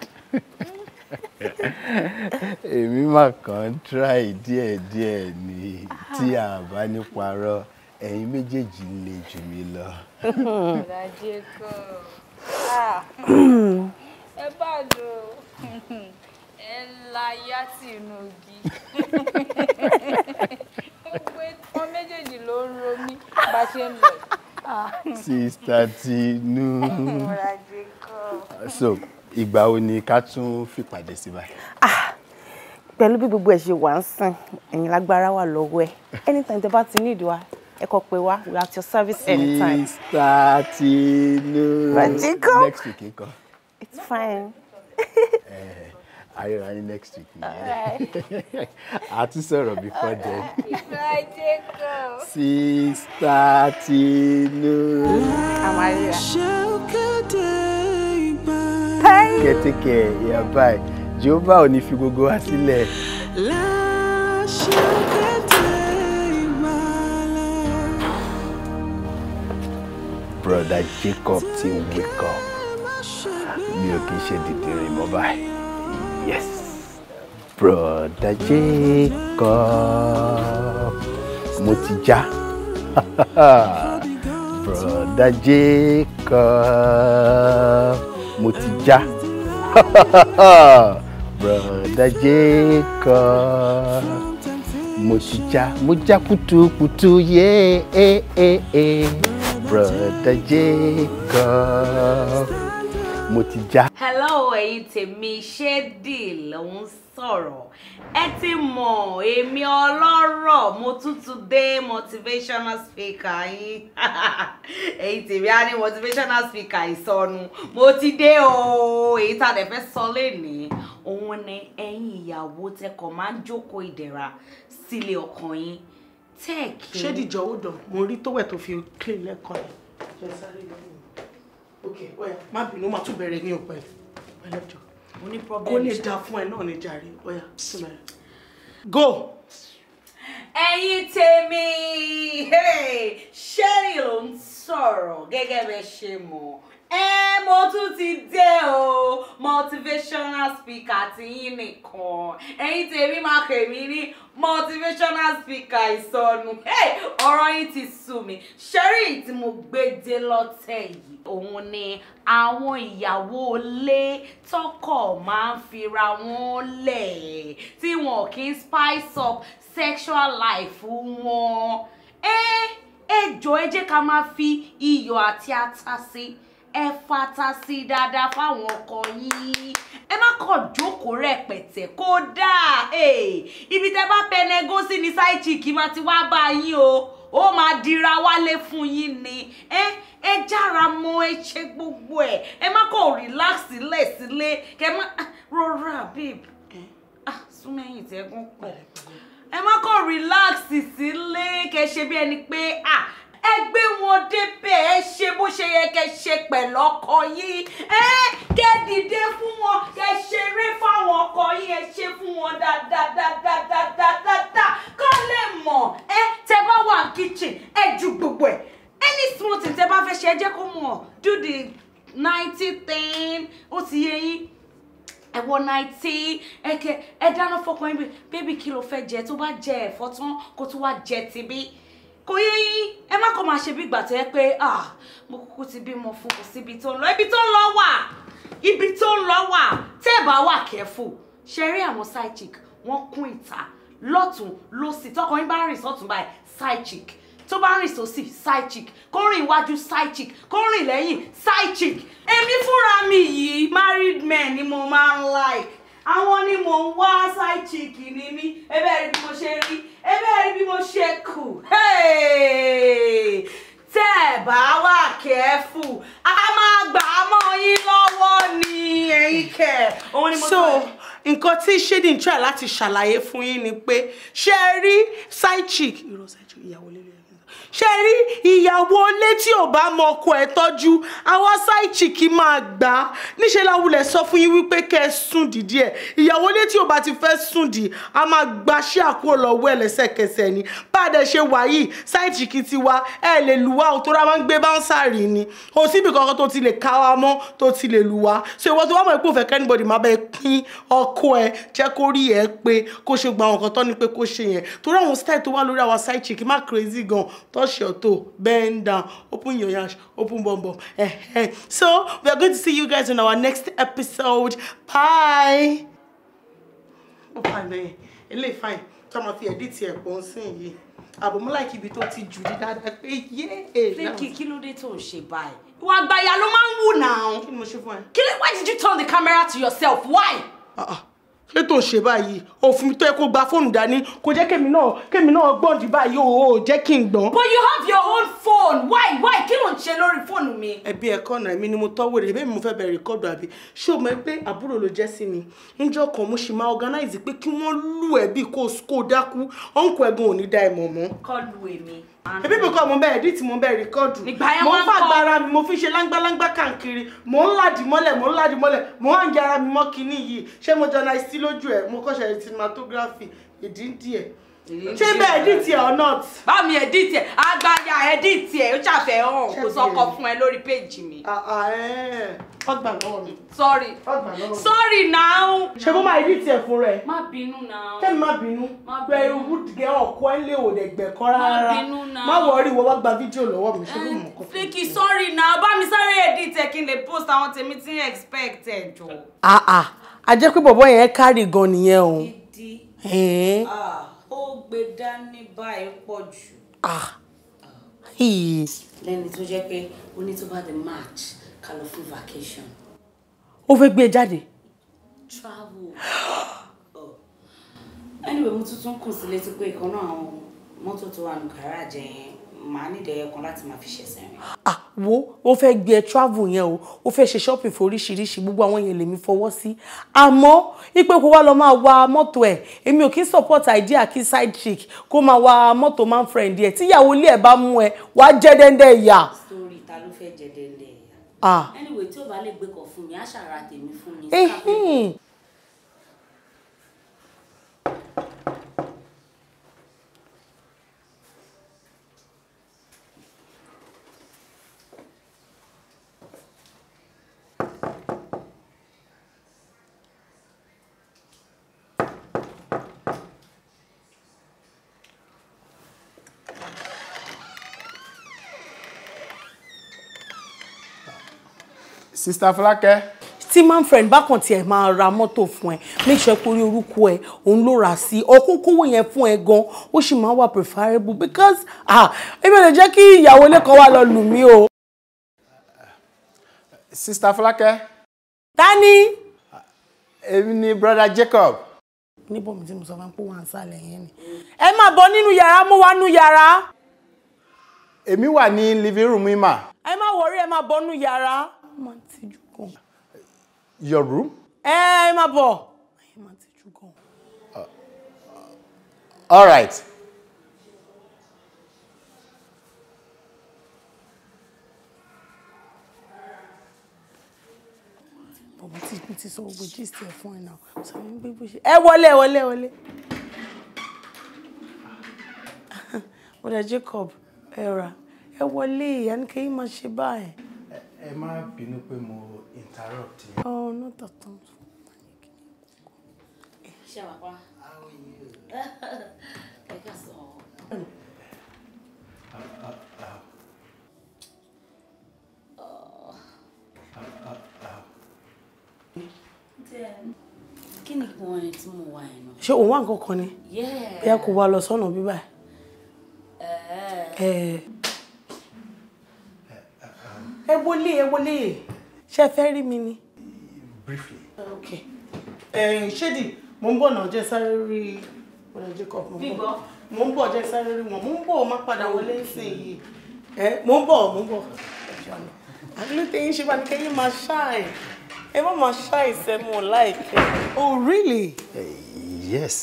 èmi mà kàn ń try díẹ̀díẹ̀ ni tí a bá ní parọ́ ẹ̀yin méjèèjì lè jù mí lọ. bọ́dá Jacob ah. ẹ bá dùn ẹ la yá tì inú igi pé wọn méjèèjì ló ń ro mí bá ṣe ń lọ. sista Tinu so ìgbà wo ni ká tún fìpàdé sí báyìí. Ah, pẹ̀lú bí gbogbo ẹ̀ ṣe wà ń sìn ẹ̀yin lágbára wà lọ́wọ́ ẹ̀ anytime tẹ bá ti ní ìdíwà ẹ kọ pé wá we are at your service anytime. sista Tinu next week nǹkan. it's fine. Eh àríra yín next week nìyẹn a tún sọ̀rọ̀ before then. sista Tinu. kẹ́tíkẹ́ ìyá bye. Jehovah ò ní go gbogbo wa sílẹ̀. brother Jacob ti wake up You ò kì í ṣe dìde rìn mọ́ báyìí yes brother Jacob mo ti já brother Jacob mo ti já brother Jacob mo ti já mo já kutukutu yeah, eh, eh, eh. brother Jacob mo ti já. hello ẹ̀yin tèmi Shady ló ń sọ̀rọ̀ ẹ ti mọ̀ èmi ọlọ́rọ̀ mo tútù dé motivational speaker yín ẹ̀yin tèmi á ní motivational speaker ìsọnù mo ti dé o èyí tá a dẹ̀ fẹ́ sọ lénìí òun ni ẹ̀yin ìyàwó tẹkọ̀ máa ń jókòó ìdẹ̀ra sílé ọkàn yín tẹ́ẹ̀kì. Shady jọ̀wọ́ dàn mo rí tówẹ̀ tó fi clean lẹ́kọ̀ọ́ yẹn okay oya má bínú má tún bẹ̀rẹ̀ ní ọ̀pẹ pẹ̀lẹ́ jọ mo ní problem kó lè dáa fún ẹ náà ní jàre oya tún go. ẹ̀yin tèmi ṣẹ́rì ló ń sọ̀rọ̀ gẹ́gẹ́ bẹ́ẹ̀ ṣe mọ̀ ẹ mo tún ti dé o motivational speaker ti yín nìkan ẹ̀yin tèmi máa kèmí ní motivational speaker ìsọnù ọ̀rọ̀ yìí ti sú mi ṣẹ́rí tí mo gbé dé lọ́tẹ̀ yìí òun ni àwọn ìyàwó ilé tọkọ máa ń fira wọn lẹ̀ tí wọn kì í spice up sexual life wọn ẹ ẹ jọ ẹ jẹ́ ká máa fi iyọ̀ àti ata sí i ẹ fata sí dáadáa fáwọn ọkọ yín ẹ má kàn jókòó rẹpẹtẹ kódà ibi tẹ bá pẹnẹgó sí ni side chick máa ti wá bá yín o ó máa dira wálé fún yín ni ẹ ẹ jára mọ ẹ ṣe gbogbo ẹ ẹ má kàn relax sílẹ̀ sílé kẹ má ah, rọra babe ah súnmẹ́yìn tẹ́gùn pọ̀ ẹ má kàn relax sílé kẹ ṣe bí ẹni pé ah ẹ gbé wọn débẹ̀ ẹ ṣe bó ṣe yẹ kẹ́ ṣe pẹ̀lú ọkọ yìí ẹ kẹ́ dìde fún wọn kẹ́ ṣeré fáwọn ọkọ yìí ẹ ṣe fún wọn dáadáadáadáadáa kọ́ lè mọ̀ ẹ tẹ bá wà ní kitchen ẹ ju gbogbo ẹ any small thing tẹ bá fẹ́ ṣe ẹ jẹ́ kó mọ̀ do the ninety thing ó ti yẹ yín ẹ wọ náìtì ẹ kẹ ẹ dáná fọkàn yín bíi bébì kí ló fẹ́ jẹ tó bá jẹ ẹ̀fọ́ tán kó tó wá jẹ tìbí kò yẹ yín ẹ má kọ́ máa ṣe bí ìgbà tó yẹ pé mo kúkú ti bímọ fún kò síbi tó ń lọ ibi tó ń lọ wà ibi tó ń lọ wà tẹ́ wà kẹ́fù ṣe rí àwọn side chick wọ́n kún ìta lọ́tún lọ́sì tọkọ yín bá rìn sọ́tún báyìí side chick tó bá rìn sósì side chick kó rìn iwájú side chick kó rìn lẹ́yìn side chick èmi fúnra mi yìí married men ni mo máa ń like àwọn ni mo ń wá side chick ni mí ẹ bẹ́ẹ̀ rí mo ṣe rí ẹ bẹ́ẹ̀ rí bí mo ṣe kù tẹ́ ẹ̀ bá wà kẹ́ẹ̀fù a máa gbà á mọ́ yín lọ́wọ́ ni ẹ̀yin kẹ̀ òun nǹkan tí shading try láti ṣàlàyé fún yín ni pé ṣe rí side cheek, ìrọ̀ side chick ìyàwó lélẹ̀ ṣe rí ìyàwó ilé tí ò bá mọ ọkọ ẹ̀ tọ́jú àwa sáì chìkì máa gbà á níṣẹ́ láwùlẹ̀ sọ fún yín wípé kẹ́ ẹ sùn dìdí ẹ̀ ìyàwó ilé tí ò bá ti fẹ́ sùn dì á máa gbaṣẹ́ àkúrò lọ́wọ́ ẹ̀ lẹ́sẹ̀kẹsẹ̀ ni bá a dẹ̀ ṣe wà yìí sáì chìkì ti wá ẹ̀ lè lù wá òtó máa ń gbé báńsàrì ni kò síbi kankan tó ti lè ká wa mọ́ tó ti lè lù wá so ìwọ tó wá mọ̀ pé òfẹ́ kẹ́nìbọ̀dì má bẹ́ẹ̀ pín ọkọ ẹ̀ jẹ́ kó rí ẹ pé kó ṣe gba àwọn kan tó ní pé kó ṣe yẹn torí àwọn crazy gan touch your toe, bend down, open your yash, open bum bum. So we are going to see you guys in our next episode. Bye. Oh, fine, eh. fine. Come on, edit here, bouncing ye. Àbòmú láìkí ibi tó ti jù ní dáadáa pé yé èèyàn. Eh, Fẹ́kì kí ló dé tó ń ṣe báyìí? Ìwà àgbàyà ló máa ń wù náà. Kí mo ṣe fún ẹ? Kí why did you turn the camera to yourself? Why? Uh -uh tó ṣe báyìí òfin tó yẹ kó gba fóònù dání kò jẹ́ kémi náà kémi náà gbọ̀ǹdì báyìí o ò jẹ́ kí n gbọ̀n. but you have your own phone why why kí ló ń ṣe lórí fóònù mi. ẹbí ẹ kọ́nà èmi ni mo tọ́wọ́ èrè bẹ́ẹ̀ mi mo fẹ́ bẹ̀rẹ̀ rìkọ́dù àbí ṣé o mọ̀ pé àbúrò ló jẹ́ sí mi níjọ́ kan mo ṣì máa organize pé kí wọ́n lù ẹ́ bí kò dákú ọ̀nkù ẹ̀gbọ́n ò ní dá ẹ̀ mọ̀ mọ́. kọ́ lu èmi ebi bí kò mo bẹ edit mo bẹ record mo ń fàgbà ara mi mo fi ṣe láńgbáláńgbá káàkiri mo ń ládìí mọ́lẹ̀ mo ń ládìí mọ́lẹ̀ mo ń jẹ ara mi mọ́ kinní yìí ṣé mo jọ náà sí lójú ẹ̀ mo kọ́ṣẹ́ cinematography ìdí díẹ̀ ṣé bẹ́ẹ̀ edit ẹ̀ or not. bá mi edit ẹ̀ agbaya edit ẹ̀ ó ṣàfẹ́ hàn kò sọkọ fún ẹ lórí péjì mi. ọgbà ah, ah, eh, eh, eh. lọ́wọ́ mi. sorry sorry now. ṣé mo máa edit ẹ̀ fún rẹ. má bínú now. kẹ́mi má bínú. bẹ irú gẹ ọkọ ẹ lè wò lè gbẹ̀kọ́ rárá. má bínú now. má wọrí wo wá gba fídíò lọ́wọ́ mi ṣé ló mọ̀ kọ́. fíkì sorry now bá mi sáré edit ẹ̀ kí n lè post àwọn tèmi tí ń expect ẹ̀ jọ. àà ah, a jẹ́ pé bọ̀bọ̀ yẹn kárì gan nìyẹn o. ìdí ó gbé dání báyìí pọ̀ jù. Ah. Ah. lẹ́ni tó jẹ́ pé ó the march ká lọ fún vacation. ó fẹ́ gbé e jáde. travel. Oh. anyway mo tuntun kù sí létí pé ìkan náà àwọn mọ́tò tó wà ní gàrájì yẹn màá nídìí ẹyọ kan láti máa fi ṣẹ̀sìn rìn. ah wo ó fẹ́ gbé ẹ travel yẹn o ó fẹ́ ṣe shopping for oríṣiríṣi gbogbo àwọn yẹn lèmi fọwọ́ sí àmọ́ ipe kó wá lọ máa wa mọ́tò ẹ̀ èmi ò kí ń support idea kí side chick kó máa wa mọ́tò man friend ẹ̀ tíyàwó ilé ẹ̀ bá mú ẹ wàá jẹ́ dẹ́ndẹ́ ìyà. sórí ta ló fẹ́ jẹ́ dẹ́ndẹ́ ìyà. anyway tí ò bá lè gbé kọ fún mi á ṣàrà tèmi fún mi. sista Fúlákẹ́. tí man friend bá kàn tiẹ̀ máa ra mọ́tò fún ẹ make sure pé orí orúkọ ẹ òun ló rà sí ọkọ kówó yẹn fún gan ó sì máa wà preferable because ah èmi ò lè jẹ́ kí ìyàwó ilé kan wá lọ lù mí o. sista Fúlákẹ́. ta ni. ni brother Jacob. níbo mi ti mo sọ fún pé wọn à ń sálẹ̀ yẹn ni. ẹ máa bọ́ nínú yàrá mo wá nú yàrá èmi wà ní living room ima. ẹ má wọrí ẹ má bọnú yàrá máa ń tijú gan. your room. ẹ ẹ máa bọ̀ ẹ máa tijú gan. Uh, all right. bọ̀bọ̀ tí mo ti sọ gbogbo gist ẹ̀ fún ẹ náà sọ mi gbé bó ṣe ẹ wọlé wọlé wọlé. bọ̀dà Jacob ẹ rà ẹ wọlé ìyá ní kẹ́yìn máa ṣe báyìí ẹ má bínú pé mo interrupt yẹn. oh no doctor. ṣé wàá pa. ẹ ká sọ. kí ni wọn ẹni tí mo wá ẹ nù. ṣé òun wà nǹkan kan ni. bóyá kò wá lọ sọ́nà bíbá ẹ wọlé ẹ wọlé ṣe fẹ́ rí mi ni. briefly. ok ṣéèdì mo ń bọ̀ náà jẹ́ sáré rí ọ̀nà jacob mo ń bọ̀ mo ń bọ̀ jẹ́ sáré rí wọn mo ń bọ̀ má padà wọlé sí i mo ń bọ̀ mo ń bọ̀ àgbélẹ̀tẹ̀ yín ṣe bá ní kẹ́yìn máa ṣáì ẹ má máa ṣáì sẹ́mu láìpẹ́. oh really. Uh, yes.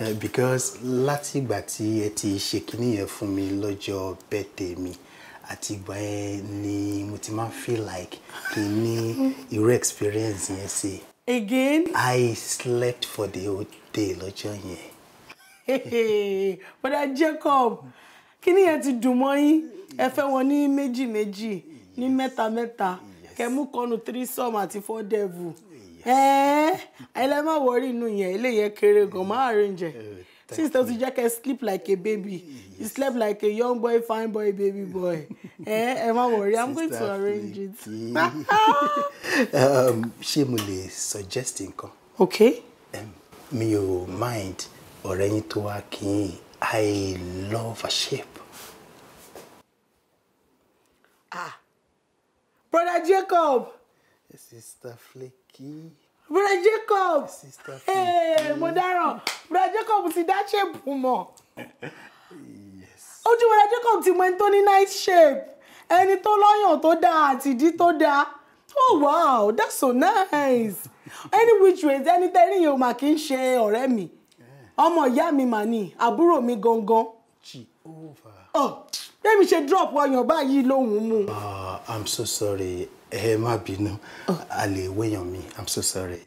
Uh, because látìgbà tí ẹ ti ṣe kinní yẹn fún mi lọ́jọ́ bẹ́tẹ̀ mi àti ìgbà ẹ ni mo ti máa ń feel like kí n ní irú experience yẹn sí. again. I slept for the whole day lọ́jọ́ yẹn. bọ́dà Jacob kí ni yẹn ti dùn mọ́ yín ẹ fẹ́ wọn ní méjì méjì ní mẹ́ta mẹ́ta kẹmú kọnu threesome àti four devil ẹ ẹ lẹ má wọrí inú yẹn eléyẹ kéré gan má arrange sister ti jẹ́ sleep like a baby yes. you slept like a young boy fine boy baby boy Eh? ẹ worry i'm going to arrange it. Um, ṣé mo lè suggest nǹkan. okay. Um, mi ò mind ọ̀rẹ́ yín tó wá kí n i love a shape. ah brother Jacob. sister Flaky brother Jacob hey, dáràn brother Jacob ti that shape mọ̀ ojú brother Jacob ti mọ ẹni nice shape ẹni tó lọ́yàn tó dáa àti ìdí tó dáa oh wow that's so nice any which way ẹni tẹ́rí yẹn o mà or n ṣe ọ̀rẹ́ mi ọmọ aburo mi mà ní àbúrò mi gangan. Jehovah. Oh, ọ bẹ́ẹ̀ mi ṣe drop ọyàn báyìí lóhùn ah i'm so sorry ẹ má bínú a lè wéyàn mi i'm so sorry.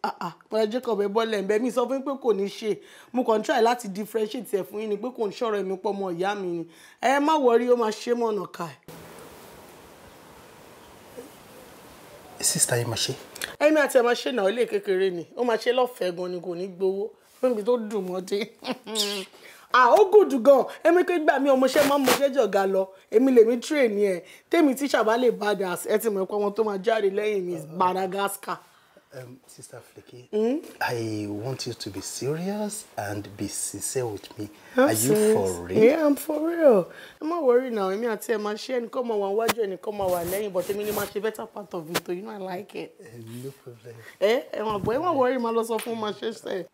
ọ̀rẹ́ Jacob ẹ bọ́lẹ̀ ń bẹ mi sọ fún pé kò ní ṣe mo kàn ń try láti differentiate ẹ̀ fún yín ni pé kò ń ṣọ̀rọ̀ ẹ̀mí pọ̀ mọ́ ìyá mi ni ẹ má wọrí ó máa ṣe mọ̀nà ká ẹ̀. sísítà yìí máa ṣe. ẹ̀mí àti ẹ̀ máa ṣe náà ilé kékeré ni ó máa ṣe lọ́fẹ̀ẹ́ gan ni kò ní gbowó fún ibi tó dùn mọ́ dé. Ah, ó gùdù gan èmi pé gbà mí ọmọọṣẹ́ máa ń mọṣẹ́ jọ̀gá lọ èmi lèmi train ẹ̀ tèmi tíṣà bá lè bàdà ẹ ti mọ̀ pé ọmọ tó máa jáde lẹ́yìn mi uh-huh. Madagascar. Um, Sister Flicky, mm? I want you to be serious and be sincere with me. I'm Are serious. you for real? Yeah, I'm for real. I'm not worried now. Èmi àti ẹ máa ṣe ẹnìkan máa wà and ẹnìkan máa wà lẹ́yìn but èmi ni máa ṣe better part of it You know I like it. Uh, no problem. Eh, ẹ ẹ máa bọ̀ ẹ má worry máa lọ sọ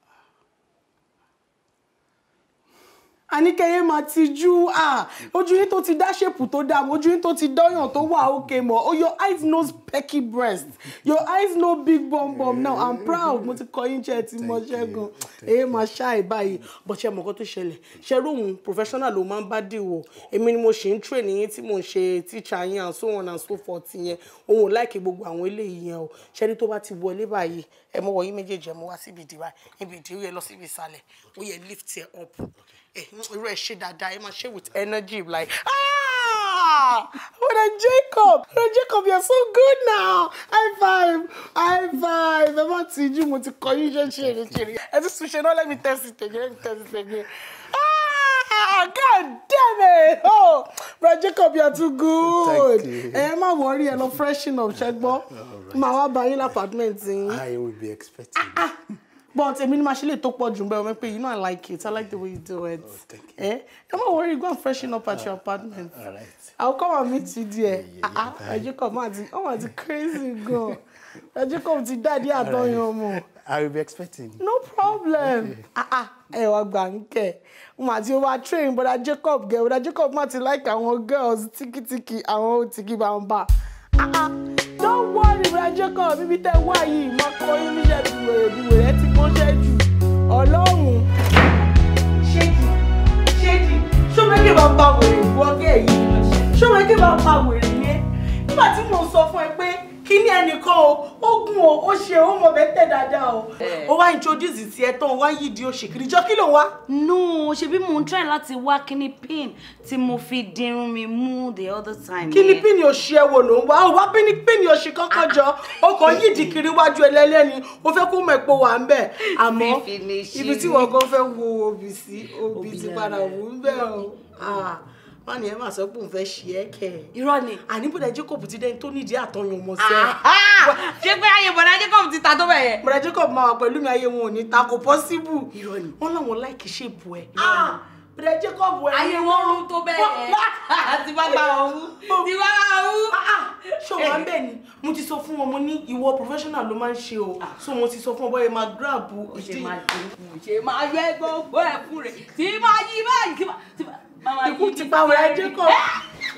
àníkẹyẹ máa ti jú à ojú yín tó ti dá ṣèpù tó dáa ojú yín tó ti dọ́yàn tó wà òkè mọ oh your eyes no pecky breast your eyes no big bum bum now i'm mm-hmm. proud mo ti kọ yín jẹ ti mọ ṣẹ́gun èyí máa ṣáì báyìí bọ̀ṣẹ̀ mọ̀kọ́ tó ṣẹlẹ̀ ṣẹ́rú òun professional ló máa ń bá dìwọ̀ èmi ni mo ṣì ń train yín tí mò ń ṣe teacher yín and so on and so forth yẹn òun láìkè gbogbo àwọn eléyìí yẹn o ṣẹ́ni tó bá ti wọlé báyìí ẹ mọ wọ̀nyí méjèèjì ẹ mọ wá síbi ìdí báyìí ibi ìdí ó yẹ lọ síbi ìsàlẹ̀ ó yẹ lift ẹ up. Okay. Eh, irú ẹ ṣe dáadáa ẹ máa ṣe with energy like ah ọ̀dà Jacob ọ̀dà Jacob you're so good now high five high five ẹ má tìjú mo ti kọ yín ṣe ṣeré ṣeré ẹ tún ṣe náà let me test it again let me test it again ah god damn it oh brother Jacob you're too good ẹ má wọrí ẹ lọ freshen up ṣẹgbọn màá wá bá yín lápàdmẹ́ǹtì yín. I will be expecting. Ah, ah but èmi ni màá ṣe lè tó pọ̀ jù bẹ́ẹ̀ wọ́n pé you know I like it I like the way you do oh, it oh, thank you. eh don't worry go and freshen up at uh, your ah, apartment all right. I'll come and meet you there ah ah Jacob ma ti oh ma ti crazy gan eh, Jacob ti dáadé àtọyìn ọmọ. I will be expecting. No problem. ah ah ẹ wá gbà ń kẹ wọn àti wọn train bọdà Jacob gẹ bọdà Jacob má ti like àwọn girls tíkítíkí àwọn tìkí bàbá ah ah mi ra Jacob bíbí tẹ́ wá yìí máa kọ́ yín níṣẹ́ bí wèrè bí wèrè ti kọ́ṣẹ́ jù ọlọ́run. ṣéèkì ṣéèkì ṣọ́mẹ́kẹ́ bá pa wèrè ìwọ́gẹ́ yìí ṣọ́mẹ́kẹ́ bá pa wèrè yẹn nígbà tí mo sọ fún ẹ kíní ẹnìkan o ó gùn o ó ṣe ó mọ̀ bẹ́ẹ̀ tẹ̀ dáadáa o. ó wá introduce ti ẹ tán wá yídi òṣèkiri jọ kí ló wá. no ṣebí mo ń try láti wá kíní pin tí mo fi dirun mi mú the other time. kíní pin òṣì ẹ wò ló ń wá ó wá pin pin òṣì kankan jọ ó kàn yídi kiri wájú ẹlẹ́lẹ́ni ó fẹ́ kó mọ̀ epo wà ń bẹ̀ àmọ́ ibi tí wọ́n kàn fẹ́ wo obì sí obì ti padà wù ú bẹ́ẹ̀ o wọn ni ẹ máa sọ pé òun fẹ́ ṣe é kẹ. irọ́ ni. àní bọ̀dà jacob ti dẹ́ni tó nídìí àtọyàn ọmọ sẹ́. ṣé pé ayé bọ̀dà jacob ti ta tó bẹ̀ yẹn. bọ̀dà jacob máa wà pẹ̀lú mi ayé wọn ò ní ta kò pọ́síbù. irọ́ ni. wọ́n láwọn láìkí ṣèbù ẹ̀. bọ̀dà jacob ẹ̀. ayé wọn rú tó bẹ́ẹ̀ yẹn. ti bá bá wọn wú. ti bá bá wọn wú. Ah, ah! ṣọwọ́ ń eh. bẹ̀ ni mo ti sọ fún wọn mo ní ìwọ professional ló máa ń ṣe o ah. so mo ti sọ fún ọ bọ́yẹ máa gíráàbù ìdí. ṣe máa yẹ gbogbo ẹ̀kún rẹ̀ tí máa yí báyìí tí máa ikú ti pa wẹ̀rẹ̀ Jacob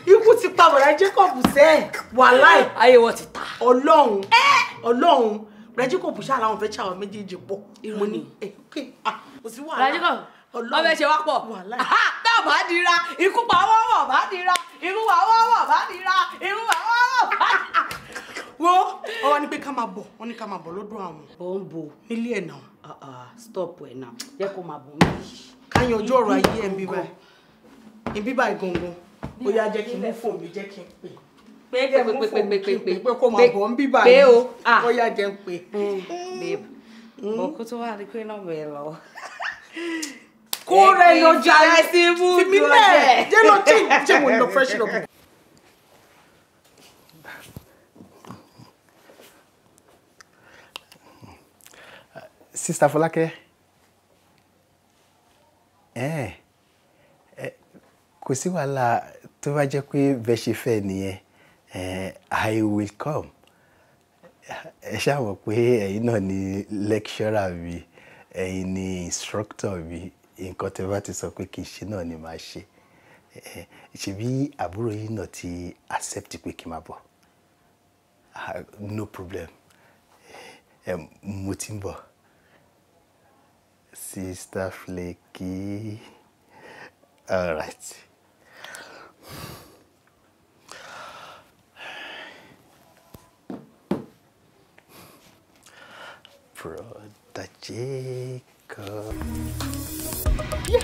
ikú ti pa wẹ̀rẹ̀ Jacob sẹ́ wàláì ayé wọn ti ta ọlọ́run ọlọ́run wẹ̀rẹ̀ Jacob ṣáà làwọn fẹ́ ṣàwọn méjèèjì pọ̀ mo ní ẹ̀ kí kò sí wàhálà ọlọ́run ọbẹ̀ ṣe wá pọ̀ tá a bá dira ikú pa wọ́wọ́ bá dira irú wa wọ́wọ́ bá dira irú wa wọ́wọ́ bá dira. wo ọwọ́ ni pé ká máa bọ̀ wọ́n ní ká máa bọ̀ lọ́dọ̀ àwọn. ó ń bo nílé ẹ̀ náà. Ah, ah, stop ẹ̀ náà jẹ́ kó máa bọ̀ mí. ká yanjú ọ̀rọ̀ ayé ẹ̀ ń bí báyìí ibi báyìí gangan ó yá jẹ́ kí n mú fóònù mi jẹ́ kí n pè pé pé pé pé pé pé pé pé kó máa bọ̀ ń bí báyìí pé o ó yá jẹ́ n pè. Eh, babe hmm? mo kó tó wà ní pé náà bẹ̀ lọ. kó rẹ lọ jà ẹ sí mú mi bẹ́ẹ̀ jẹ́ lọ jẹ́ jẹ́ mo lọ fresh lọ. sista Fọlákẹ́. Eh kò sí wàhálà tó bá jẹ́ pé bẹ́ẹ̀ fẹ́ nìyẹn I will come ẹ ṣàmọ̀ pé ẹ̀yin náà ni lecturer mi ẹ̀yin ni instructor mi nǹkan tẹ́ bá ti sọ pé kì í ṣe náà ni màá ṣe ṣebí àbúrò yìí náà ti accept pé kí n máa bọ̀ ah, no problem mo ti ń bọ̀ sister flaky all right. Brother Jacob. Yeah, yeah,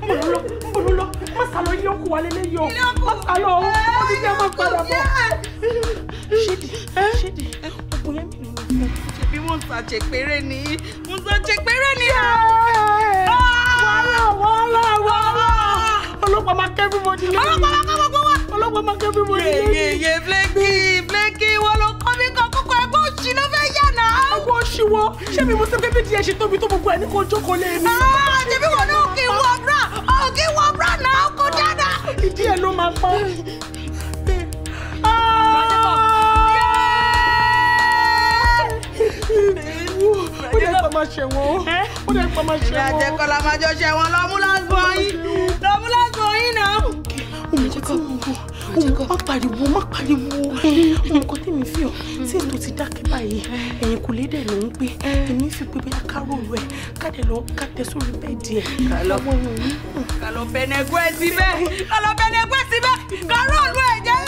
mo lọ, mo lọ, má sá lọ ilé ọkọ wa lélẹ́ yọ, má sá lọ, ó ti jẹ́ máa padà bọ̀. Ṣédì, ṣédì, ọkọ yẹn mi ló ń fẹ́. Ṣèbí ni, wọ́n ṣàjẹ̀ péré ni ọlọ́pàá máa kẹ́ fún bọ́dí lẹ́yìn. ọlọ́pàá máa kọ́ gbogbo wa. ọlọ́pàá máa kẹ́ fún bọ́dí lẹ́yìn. yeye ye bleki bleki wọ́n ló kọ́ mi kan kókó ẹgbẹ́ òṣì ló fẹ́ yà náà. ẹgbẹ́ òṣì wo ṣé mi mo ṣe pé bíi ẹ ṣe tóbi tó gbogbo ẹ ní kò jókòó lé mi. àjẹbí ah, wọn náà kì í wọ bra kì í wọ bra náà kò dáadáa. ìdí ẹ ló máa pa. Ah! ó dẹ̀ pa máa ṣẹ̀wọ̀n ó dẹ̀ pa máa ṣẹ̀wọ̀n. ìrìnàjẹ̀kọ́ la máa jọ ṣẹ̀wọ̀n lọ́mú lásán yìí nǹkan oh, má pariwo má pariwo nǹkan tèmi fi hàn tí ètò ti dákẹ́ báyìí ẹ̀yìn kò lédè ló ń gbé èmi fi pé bóyá ká rò rẹ̀ ká dẹ̀ lọ ká tẹ sórí bẹ́ẹ̀dì ẹ̀. kàlọ́ kàlọ́ bẹ̀nẹ̀gbẹ́ síbẹ̀ kàlọ́ bẹ̀nẹ̀gbẹ́ síbẹ̀ kàrọ́ọ̀lù ẹ̀jẹ̀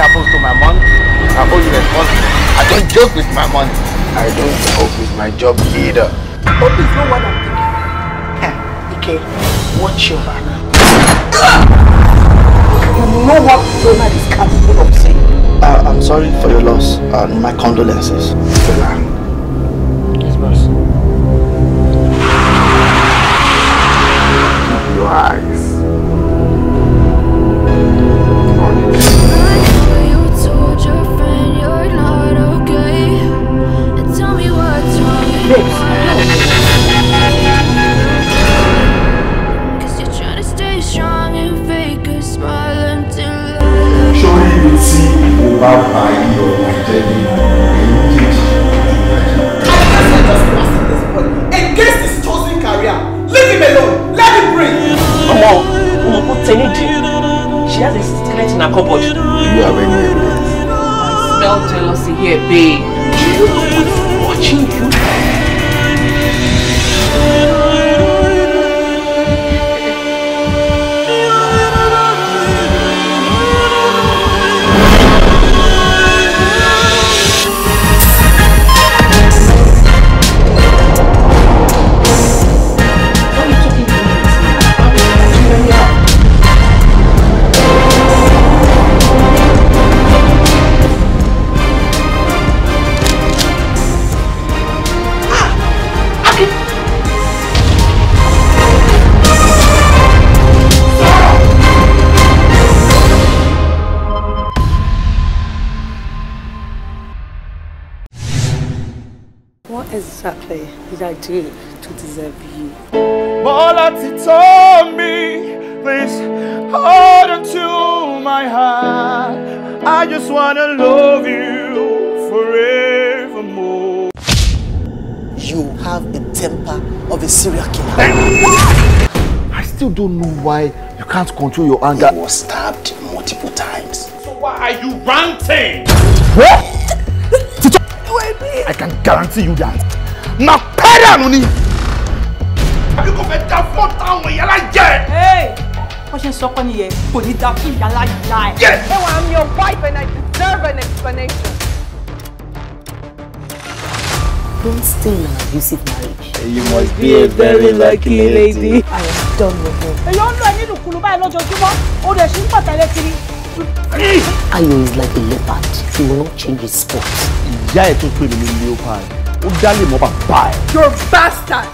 happens to my money, I'm only responsible. I don't joke with my money. I don't joke with my job either. Hope is not what I'm thinking. Huh. Eh, okay, watch your back. You know what Fiona is capable of saying. Uh, I'm sorry for your loss and my condolences. Fiona. here, babe. watching you? to, to deserve you. All that me, please hold on to my heart. I just wanna love you forevermore. You have the temper of a serial killer. I still don't know why you can't control your anger. He was stabbed multiple times. So why are you ranting? What? I can guarantee you that. Now dànù ni. àbí kò fẹ́ da fún táwọn ìyálà jẹ. wọ́n ṣe ń sọ́kọ́ nìyẹn kò ní da fún ìyálà ìyá ẹ̀. ẹ wà á mi your wife and I deserve an explanation. Don't stay in an abusive marriage. You must be, a very lucky lady. I am done with you. Èyí ń lọ ẹ nínú kùlù báyìí lójoojúmọ́, ó dẹ̀ ṣì ń pàtàlẹ́ kiri. Ayo is like a leopard. He will not change his spots. Ìyá ẹ̀ tó pè mí ní leopard ó dálé mọ́ bàbá ẹ̀. you're bastard.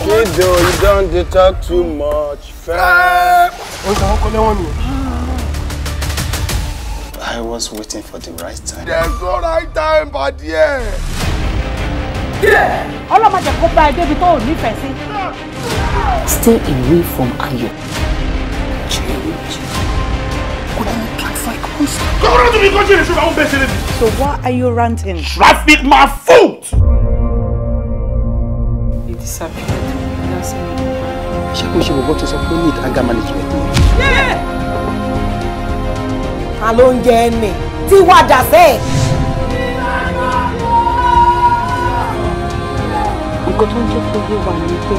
Kido, you don dey talk too much. Oṣù àwọn kọ́lé wọn ni. I was waiting for the right time. There's no right time, but yeah. Ọlọ́mọdé kó bá ẹ débi tó ò nífẹ̀ẹ́ sí. Stay away from Ayo. Chill comes. So why are you ranting? Traffic my foot! You disappeared. That's me. Ṣé kò ṣe bọ̀bọ̀ to some pé ní anger management ni? Ta ló ń jẹ ẹni tí wàá dà sẹ́ẹ̀? Nǹkan tó ń jẹ́ kó yé wa ni pé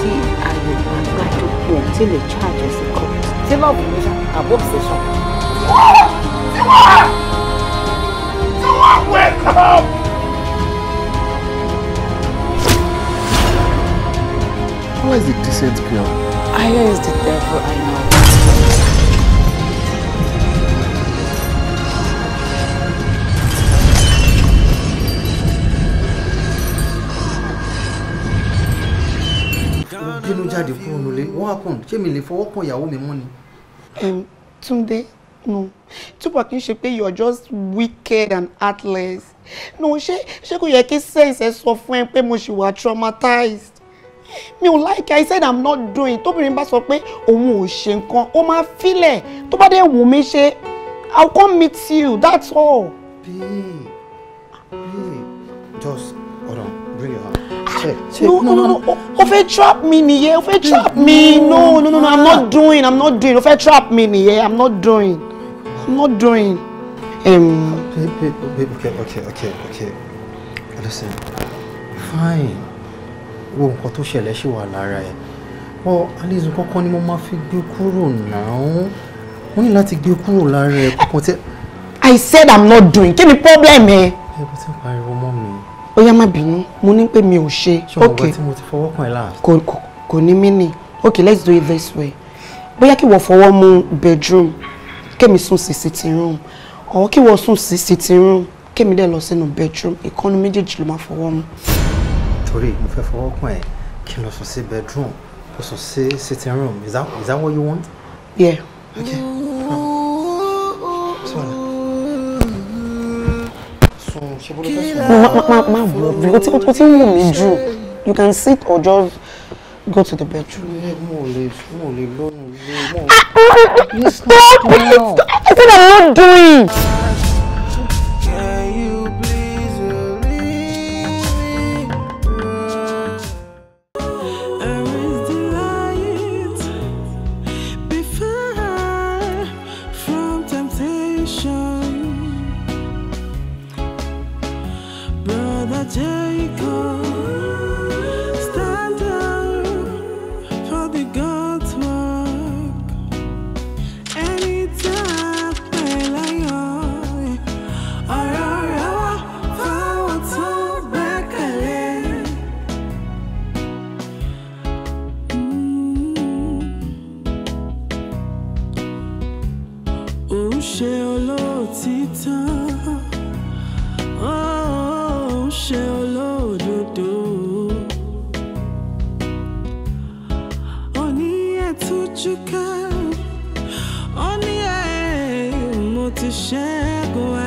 tí ayò àgbájọpọ̀ tí lè charge ẹ̀sìn kan. Tí lọ́ọ̀bù mi ṣàkóso àbọ̀ obsession. Who is the decent girl? Aya is the devil I know. kí ló jáde kúrò nílé what happened ṣé mi lè fọwọ́ kan ìyàwó mi mú ni. Túndé no Tupac kì í ṣe pé you are just wicked and heartless no ṣé ṣé kò yẹ kí sense ẹ sọ fún ẹ pé mo ṣì wà traumatized mi ò like i said i'm not doing tóbìnrin bá sọ pé òun ò ṣe nǹkan ó máa filẹ̀ tó bá dé wù mí ṣe i'll come meet you that's all. babe babe just hold on bring your hand. Ah, no, no, no, no. no. trap me nìyẹn. Ó fẹ́ trap me. No, no, no, no. I'm not doing. I'm not doing. Ó fẹ́ trap me nìyẹn. I'm not doing. I'm not doing. Um. Babe, babe, babe, okay, okay, okay, okay. Listen, fine. Wo nǹkan to ṣẹlẹ̀ ṣì wà lára ẹ̀. Bọ́ Alizu kọ́kọ́ ni mo máa fi gbé kúrò náà. Mo ní láti gbé kúrò lára ẹ̀ kọ́kọ́ tẹ́. I said I'm not doing. Kí problem ẹ? Ẹ bó ti ń pariwo mọ́ mi. Ó yá má bínú, mo ní pé mi ò ṣe. Ṣé o gbà tí mo ti fọwọ́ kàn ẹ́ láàá? Kò ní mí nì. Okay, let's do it this way. Bóyá kí wọ́n fọwọ́ mú bedroom kémi sùn sí sitting room ọ̀hún kí wọ́n sùn sí sitting room kémi dẹ̀ lọ sínú bedroom ìkọ́nu méjèèjì ló máa fọwọ́ mu. torí mo fẹ́ fọwọ́ kàn ẹ́ kí n lọ sùn bedroom kó sùn sí sitting room is that, is that what you want? yeah. okay. sùn ma ma ma fẹ́ sùn. má má má bọ̀ ọ́ o ti ń wù mí jù you can sit or just. Go to the bedroom. Ah! Stop it! It's not I'm not doing. chegou